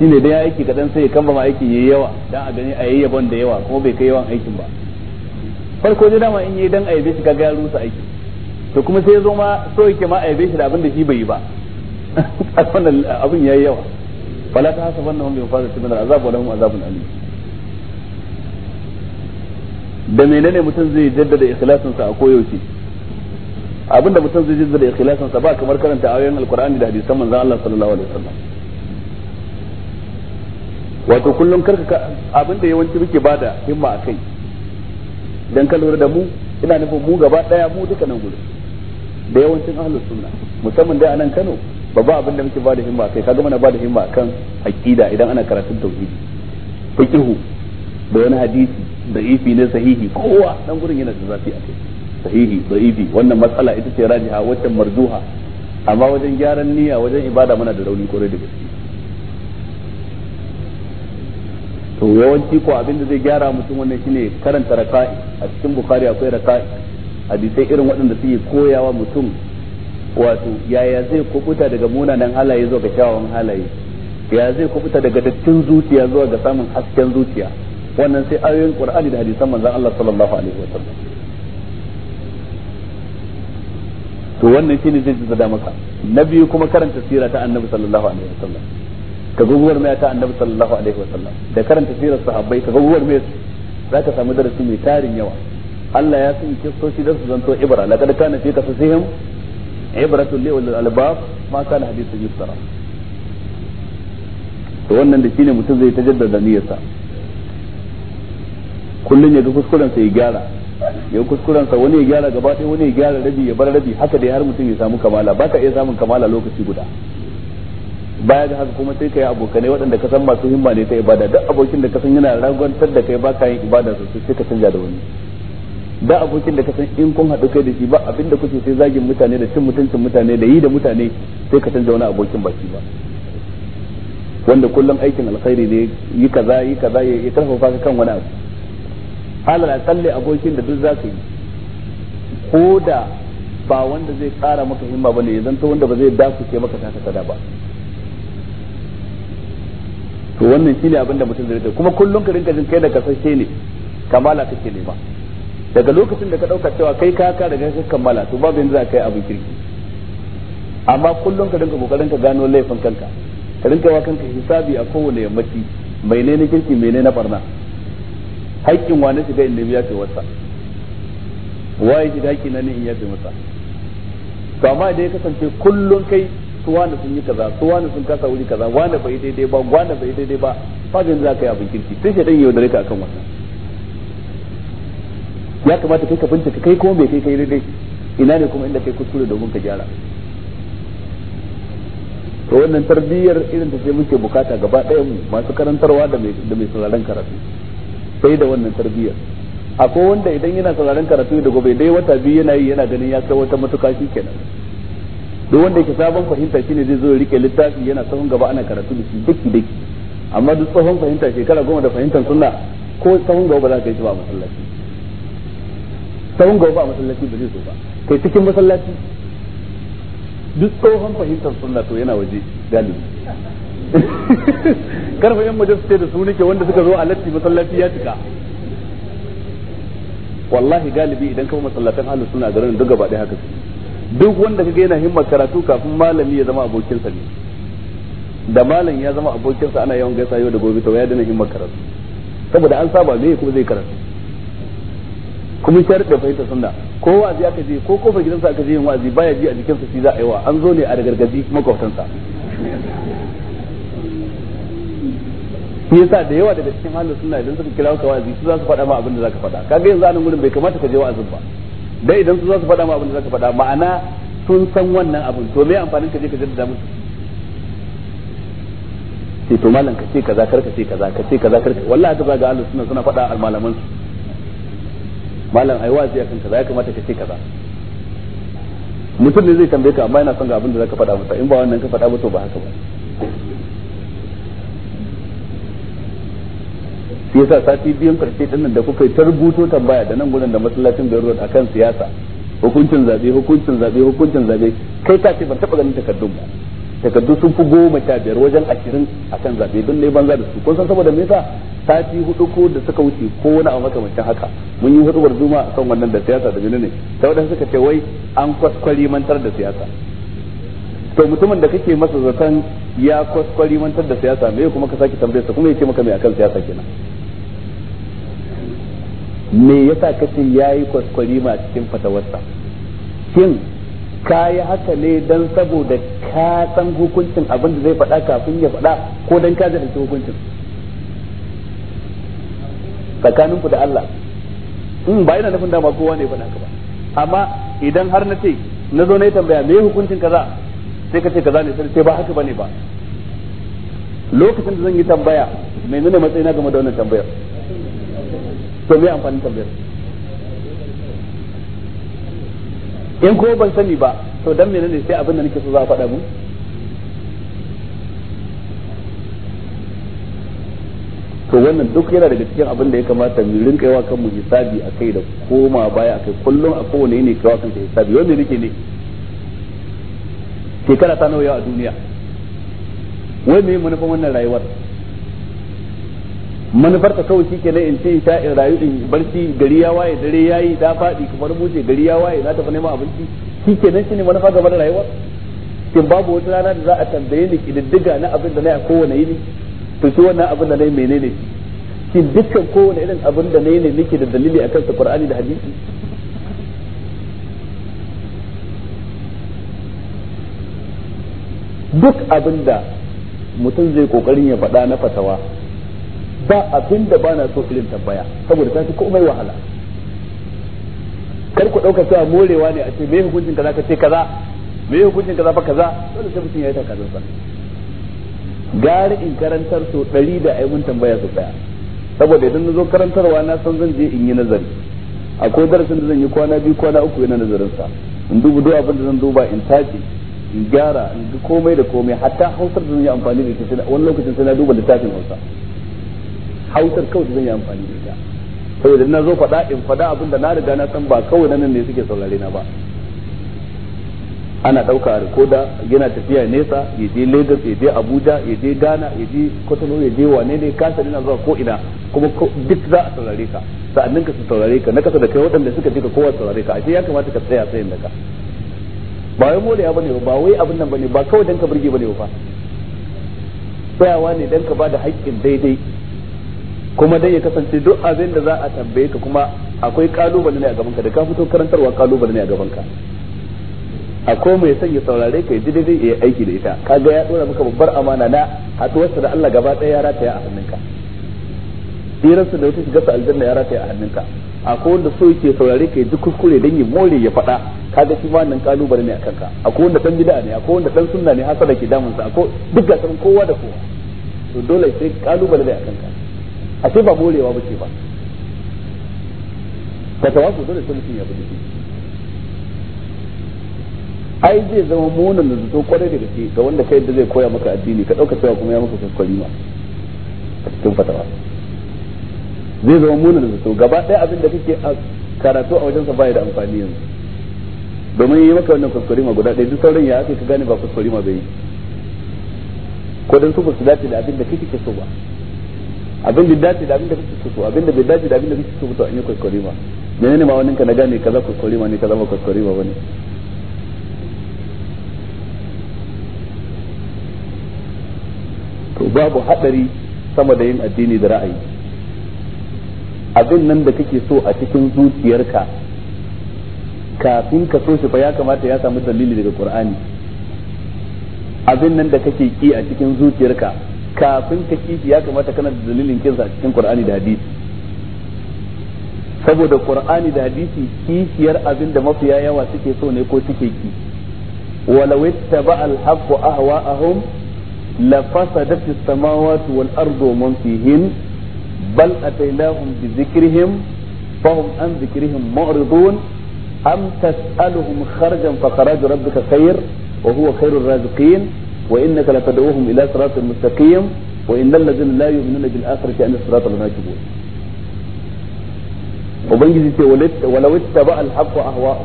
shine dai ya aiki kadan sai ya kamba ma aiki yayi yawa dan a gani a yayi yabon da yawa kuma bai kai yawan aikin ba farko dai dama in yayi dan a yabe shi kaga ya rusa aiki to kuma sai ya zo ma so yake ma a yabe shi da abin da shi bai yi ba *laughs* wannan abin yayi yawa fala ta hasaban nan bai fara cikin azab wala hum azabun alim da menene mutum zai jaddada ikhlasin sa a koyaushe abinda mutum zai jaddada ikhlasin sa ba kamar karanta ayoyin alqur'ani da hadisan manzon Allah sallallahu alaihi wasallam wato kullum karka abin da yawanci muke bada himma a kai dan ka lura da mu ina nufin mu gaba daya mu duka nan gudu da yawancin ahlus sunna musamman dai a nan Kano ba abin da muke bada himma kai kaga mana bada himma kan aqida idan ana karatun tauhidi fiqhu da wani hadisi da ifi ne sahihi kowa dan gurin yana da zafi a kai sahihi da ifi wannan matsala ita ce rajiha wacce marzuha amma wajen gyaran niyya wajen ibada muna da rauni kore da gaske to yawanci ko abin da zai gyara mutum wannan shine karanta raka'i a cikin bukhari akwai raka'i hadisai irin waɗanda suke koyawa mutum wato yaya zai kubuta daga munanan halaye zuwa ga kyawawan halaye ya zai kubuta daga dattin zuciya zuwa ga samun hasken zuciya wannan sai ayoyin qur'ani da hadisan manzon Allah sallallahu alaihi wasallam to wannan shine zai zada maka na biyu kuma karanta sira ta annabi sallallahu alaihi wasallam ka gogowar mai ta annabi sallallahu alaihi wasallam da karanta sirar sahabbai ka gogowar mai su zaka samu darasi mai tarin yawa Allah ya sanya kistoci da su zanto ibra laqad kana fi qasasihim ibratun li ulil albab ma kana hadithu yusra to wannan da shine mutum zai tajaddada niyyarsa kullun ya ga kuskuren sa ya gyara ya kuskuren sa wani ya gyara gaba ɗaya wani ya gyara rabi ya bar rabi haka dai har mutum ya samu kamala baka iya samun kamala lokaci guda baya ga haka kuma sai kai abokane waɗanda ka san masu himma ne ta ibada duk abokin da ka san yana ragwantar da kai ba ka yin ibada sosai sai ka canja da wani da abokin da ka san in kun haɗu kai da shi ba abin da kuke sai zagin mutane da cin mutuncin mutane da yi da mutane sai ka canja wani abokin baki ba wanda kullum aikin alkhairi ne yi kaza yi kaza ya karfafa ka kan wani abu halala tsalle abokin da duk za ka yi ko da ba wanda zai kara maka himma ba ne ya zanto wanda ba zai dakuke maka taka sada ba to wannan shine abin da mutum zai kuma kullum ka rinka jin kai da kasashe ne kamala kake nema daga lokacin da ka dauka cewa kai ka ka daga kai kammala to babu yanzu za kai abin kirki amma kullum ka rinka kokarin ka gano laifin kanka ka rinka wa kanka hisabi a kowane yammaci mai ne na kirki mai ne na barna haƙƙin wani shiga in nemi fi wasa waye shiga haƙƙi na ne in ya fi masa to amma idan ya kasance kullum kai su wani sun yi kaza su wani sun kasa wuri kaza wani bai daidai ba wani bai daidai ba fadin za ka yi abin kirki sai shaidan yau da rika akan wannan ya kamata kai ka bincika kai kuma bai kai kai daidai ina ne kuma inda kai kuskure domin ka gyara to wannan tarbiyyar irin ta sai muke bukata gaba ɗaya mu masu karantarwa da mai da mai sauraron karatu sai da wannan tarbiyyar akwai wanda idan yana sauraron karatu da gobe dai wata biyu yana yi yana ganin ya kai wata matuka kenan duk wanda yake sabon fahimta shine zai zo ya rike littafi yana tsohon gaba ana karatu da shi daki daki amma duk tsohon fahimta shekara goma da fahimtar sunna ko tsohon gaba ba za ka yi ba a masallaci tsohon gaba ba masallaci ba zai zo ba kai cikin masallaci duk tsohon fahimtar sunna to yana waje galibi *laughs* karfa yan majalis da su nake wanda suka zo a latti masallaci ya cika wallahi galibi idan kawo masallatan halu suna garin duk gaba ɗaya haka su duk wanda kaga yana himmar karatu kafin malami ya zama abokinsa ne da malam ya zama abokinsa ana yawan gaisa yau da gobe to ya dana himmar karatu saboda an saba me kuma zai karatu kuma sai da fahimta sunna ko wazi aka je ko kofar gidansa aka je yin wazi baya ji a jikinsa shi za a yi wa an zo ne a gargaji makwabtansa shi yasa da yawa daga cikin halin suna idan suka kira ka wazi su za su faɗa ma abin da za ka faɗa kaga yanzu anan gurin bai kamata ka je wa'azin ba dan idan su za su faɗa ma abin da zaka faɗa ma'ana sun san wannan abin to me amfanin ka je ka jaddada musu sai to malam ka ce kaza kar ka ce kaza ka ce kaza kar ka wallahi ka zaga Allah suna suna faɗa almalaman su malam ai wazi akan kaza ya kamata ka ce kaza mutum ne zai tambaye ka amma yana son ga abin da zaka faɗa masa in ba wannan ka faɗa ba to ba haka ba shi yasa sati biyun karshe din da kuka yi tarbuto tambaya da nan gudun da masallacin Beirut akan siyasa hukuncin zabe hukuncin zabe hukuncin zabe kai ta ce ban taba ganin takardun ba takardu sun fi goma sha biyar wajen ashirin akan zabe don ne banza da su kun san saboda me yasa sati hudu ko da suka wuce ko wani abu makamancin haka mun yi juma a kan wannan da siyasa da ne ne saboda suka ce wai an kwaskwari mantar da siyasa to mutumin da kake masa zaton ya kwaskwari mantar da siyasa me kuma ka sake tambayar sa kuma ya ce maka me akan siyasa kenan me yasa kace yayi kwaskwari ma cikin fatawarsa Kin ka yi haka ne dan saboda ka san hukuncin abin da zai faɗa kafin ya faɗa ko dan ka jaddace hukuncin tsakaninku da Allah in hmm, ba yana nufin dama kowa ne faɗa ka ba amma idan har na ce na zo na yi tambaya me hukuncin kaza sai ka ce kaza ne sai ba haka bane ba lokacin da zan yi tambaya menene matsayina game da wannan tambayar to me amfani tambayar in ko ban sani ba to dan menene sai abin da nake so za a faɗa mu to wannan duk yana daga cikin abin da ya kamata mu rinka yawa kanmu hisabi akai da koma baya akai kullum a kowane ne kawa kanka hisabi wanda nake ne shekara ta nawa a duniya wai me manufan wannan rayuwar manufar ta kawai shike ne in ce ta in rayu in barci gari ya waye dare yayi da fadi kamar buce gari ya waye na tafi neman abinci shike nan shine manufa gaba da rayuwa kin babu wata rana da za a tambaye ni kididdiga na abin da na yi a kowane yini to shi wannan abin da na yi menene shin dukkan kowane irin abin da na yi ne nake da dalili akan ta Qur'ani da hadisi duk abin da mutum zai kokarin ya faɗa na fatawa ba abin da bana so yin tambaya saboda ta fi komai wahala kar ku dauka cewa morewa ne a ce me hukuncin kaza ka ce kaza me hukuncin kaza ba kaza dole sai mutum ya yi takazin sa gari in karantar so ɗari da ai mun tambaya su daya saboda idan na zo karantarwa na san zan je in yi nazari akwai darasin da zan yi kwana biyu kwana uku yana nazarin sa in dubu duk abin da zan duba in tace in gyara in ga komai da komai hatta hausar da zan yi amfani da ita wani lokacin sai na duba littafin hausa hausar kawai da zan yi amfani da ita saboda na zo faɗa in faɗa abin da na riga na san ba kawai nan ne suke saurare na ba ana ɗauka a rikoda yana tafiya nesa ya je lagos ya je abuja ya je ghana ya je kwatano ya je wane ne kasa na zuwa ko ina kuma duk za a saurare ka sa'annin ka su saurare ka na kasa da kai waɗanda suka ji ka kowa saurare ka ashe ya kamata ka tsaya tsayin daga ka ba wai morewa bane ba wai abin nan bane ba kawai dan ka burge bane ba tsayawa ne dan ka bada haƙƙin daidai kuma dai ya kasance duk abin da za a tambaye ka kuma akwai kalubale ne a gaban ka da ka fito karantarwa kalubale ne a gaban ka akwai mai son ya saurare ka ji daidai ya aiki da ita kaga ya dora maka babbar amana na haduwar da Allah gaba ɗaya ya rataya a hannunka su da wata shiga su aljanna ya rataya a hannunka akwai wanda so yake saurare ka ji kuskure dan ya more ya faɗa kaga shi ma nan kalubale ne a kanka akwai wanda dan bid'a ne akwai wanda dan sunna ne hasada ke damunsa akwai duk ga kowa da kowa to dole sai kalubale ne a kanka ashe ba morewa ba ce ba ka tawasu dole sai mutum ya bi jiki ai zai zama munin da zato kwarai da gaske ga wanda kai da zai koya maka addini ka dauka cewa kuma ya maka kuskure ma a cikin fatawa zai zama munin da zato gaba ɗaya abin da kake karatu a wajensa baya da amfani yanzu domin yi maka wannan kuskure ma guda ɗaya duk sauran ya ake ka gane ba kuskure ma bai yi ko dan su ba su dace da abin da kake so ba abin da dace da abin da kake so abin da bai dace da abin da kake so to an yi kuskure ma menene ma wannan ka na gane kaza kuskure ma ne kaza ba kuskure ba bane to babu hadari sama da yin addini da ra'ayi abin nan da kake so a cikin zuciyarka kafin ka so shi fa ya kamata ya samu dalili daga qur'ani abin nan da kake ki a cikin zuciyarka kafin ka kishi ya kamata kana da dalilin kinsa a cikin Qur'ani da hadisi saboda Qur'ani da hadisi kifiyar abin da mafiya yawa suke so ne ko suke ki walau ittaba al-haqqu ahwa'ahum la fasadat as-samawati wal ardu wa man fihin bal ataynahum bi dhikrihim fahum an dhikrihim mu'ridun am tas'aluhum kharjan fa kharaju rabbika khair wa huwa khairur raziqin وانك لتدعوهم الى صراط مستقيم وان الذين لا يؤمنون بالاخره كان يعني الصراط لناكبون. وبنجي ولو اتبع الحق اهواء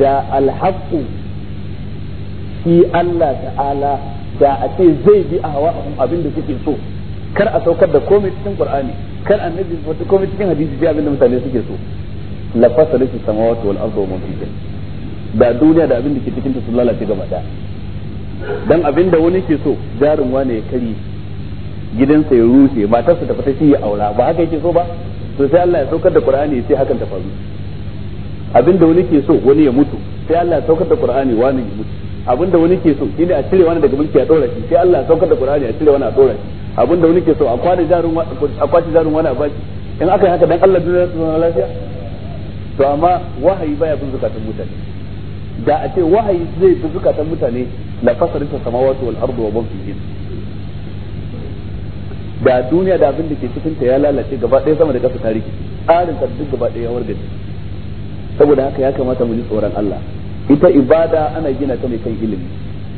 جاء الحق في الله تعالى جاء في زي بي اهواءهم ابن دكتور سوء. كر اتوكل دكومي في القران كان النبي دكومي في حديث في ابن مثال يسجل سوء. لفصلت السماوات والارض ومن في da duniya da abin da ke cikin ta sun lalace gaba daya dan abin da wani ke so jarin wani ya kari gidansa ya rushe matarsa ta fita shi ya aura ba haka yake so ba to sai Allah ya saukar da Qur'ani ya ce hakan ta faru abin da wani ke so wani ya mutu sai Allah ya saukar da Qur'ani wani ya mutu abin da wani ke so ne a cire wani daga mulki a dora shi sai Allah ya saukar da Qur'ani a cire wani a dora shi da wani ke so a kwana jarin a kwace jarin wani a baki in aka yi haka dan Allah duniya su zama lafiya to amma wahayi baya bin zukatan mutane da a ce wahayi zai bi zukatan mutane la fasarita samawati wal ardu wa man da duniya da abin da ke cikin ta ya lalace gaba ɗaya sama da kasa tarihi tsarin ta duk gaba ɗaya warga saboda haka ya kamata mu ji tsoron Allah ita ibada ana gina ta ne kan ilimi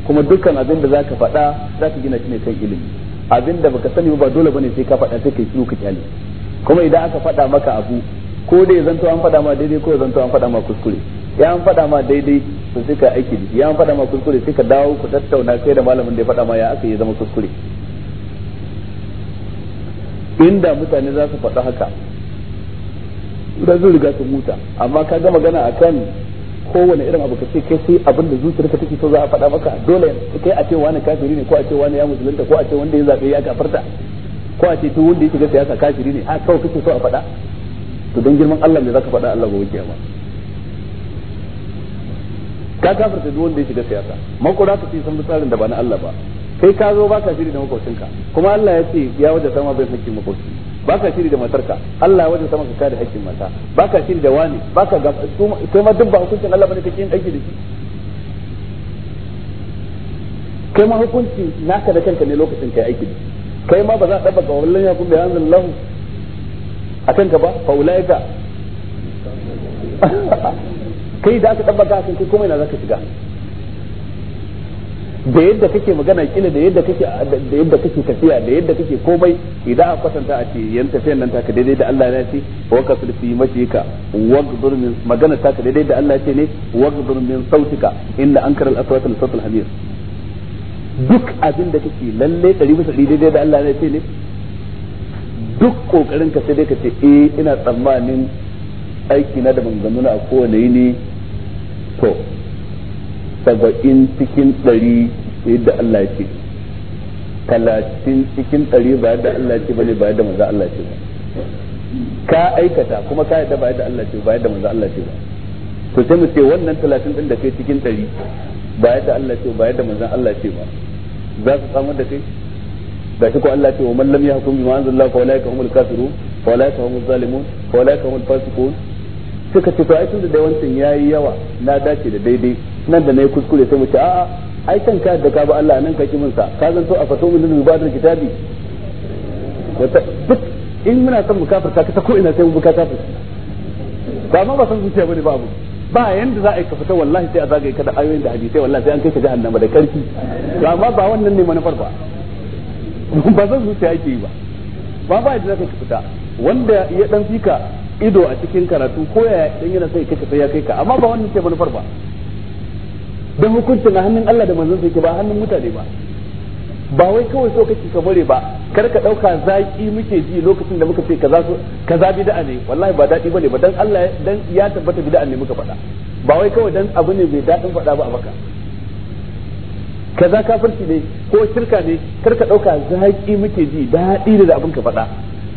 kuma dukkan abin da zaka faɗa zaka gina shi ne kan ilimi abin da baka sani ba dole bane sai ka faɗa sai kai shiru ka kyale kuma idan aka faɗa maka abu ko dai ya zanto an faɗa ma daidai ko ya zanto an faɗa ma kuskure ya an faɗa ma daidai su suka aiki da ya an faɗa ma kuskure sai dawo ku tattauna kai da malamin da ya faɗa ma ya aka yi zama kuskure inda mutane za su faɗa haka da zai riga su muta amma ka ga magana kan kowane irin abu ka ce kai sai abin da zuciyarka take so za a faɗa maka dole kai a ce wani kafiri ne ko a ce wani ya musulunta ko a ce wanda ya zaɓe ya kafarta ko a ce to wanda ya shiga siyasa kafiri ne a kawai kake so a faɗa to don girman Allah ne zaka faɗa Allah gobe kiyama ka kafirta duk wanda ya shiga siyasa makura ka ce san tsarin da ba na Allah ba kai ka zo baka shiri da makwabcinka kuma Allah ya ce ya waje sama bai hakkin makwabci baka shiri da matarka Allah ya waje sama ka kada hakkin mata baka shiri da wani baka ga kai ma duk ba hukuncin Allah bane kake yin aiki da shi kai ma hukunci naka da kanka ne lokacin kai aiki da shi kai ma ba za a dabbaka wallan ya kun bi anzallahu akan ka ba fa ulaika *laughs* kai da aka tabbata a kai kuma ina zaka shiga da yadda kake magana kila da yadda kake da yadda kake tafiya da yadda kake komai idan a kwatanta a ce yan tafiyan nan taka daidai da Allah ya ce wa ka sulfi mashika wagdur min magana taka daidai da Allah ya ce ne wagdur min sautika inna ankara al-aswat al-sawt al-hamir duk abin da kake lalle 100% daidai da Allah ya ce ne duk kokarin ka sai dai ka ce eh ina tsammanin aiki na da ban a kowane yini to saba'in cikin ɗari yadda Allah ya ce talatin cikin ɗari ba yadda Allah ya ce bane ba yadda manzo Allah ya ce ba ka aikata kuma ka yadda ba yadda Allah ya ce ba yadda manzo Allah ya ce ba to sai mu ce wannan talatin ɗin da kai cikin ɗari ba yadda Allah ya ce ba yadda manzo Allah ya ce ba za su samar da kai ga shi ko Allah ce wa man lam yahkum bima anzalallahu fa ulaika humul kafirun fa ulaika humuz zalimun fa ulaika humul fasiqun suka ce to ai tun da wancan yayi yawa na dace da daidai nan da nayi kuskure sai mu ce a'a ai kan ka da ka ba Allah nan ka ki mun sa ka zanto a fato min nan ibadar kitabi duk in muna son mu kafirta ka ta ko ina sai mu buka kafirta ba ma ba san zuciya bane ba abu ba yanda za a yi ka fita wallahi sai a zagaye ka da ayoyin da hadisi wallahi sai an kai ka jahannama da karfi ba ma ba wannan ne manufar ba *laughs* ba zan zuciya yake yi ba ba ba yadda za ka fita wanda ya dan fika ido a cikin karatu ko ya dan yana sai kace sai ya kai ka amma ba wannan ce manufar ba dan hukuncin a hannun Allah da manzon sai ke ba hannun mutane ba ba wai kawai so kake ka bare ba kar ka dauka zaki muke ji lokacin da muka ce kaza so kaza bid'a ne wallahi ba dadi bane ba dan Allah dan ya tabbata bid'a ne muka faɗa ba wai kawai dan abu ne bai dadin faɗa ba a maka kaza kafirci ne ko shirka ne kar ka dauka zaki muke ji dadi da abin ka faɗa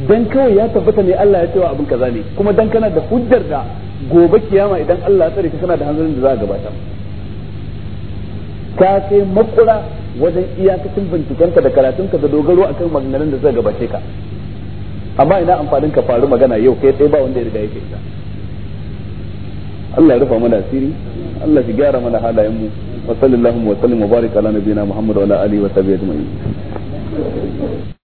dan kawai ya tabbata ne Allah ya cewa abin kaza ne kuma dan kana da hujjar da gobe kiyama idan Allah ya tsare ka kana da hanzarin da za ka gabata ka kai makura wajen iyakacin bincikenka da karatun karatunka da dogaro akan maganganun da zai gabace ka amma ina amfanin ka faru magana yau kai tsaye ba wanda ya riga yake ita Allah ya rufa mana asiri Allah ya gyara mana halayen mu wa sallallahu wa sallam wa baraka ala nabiyina Muhammad wa ala alihi wa sahbihi ajma'in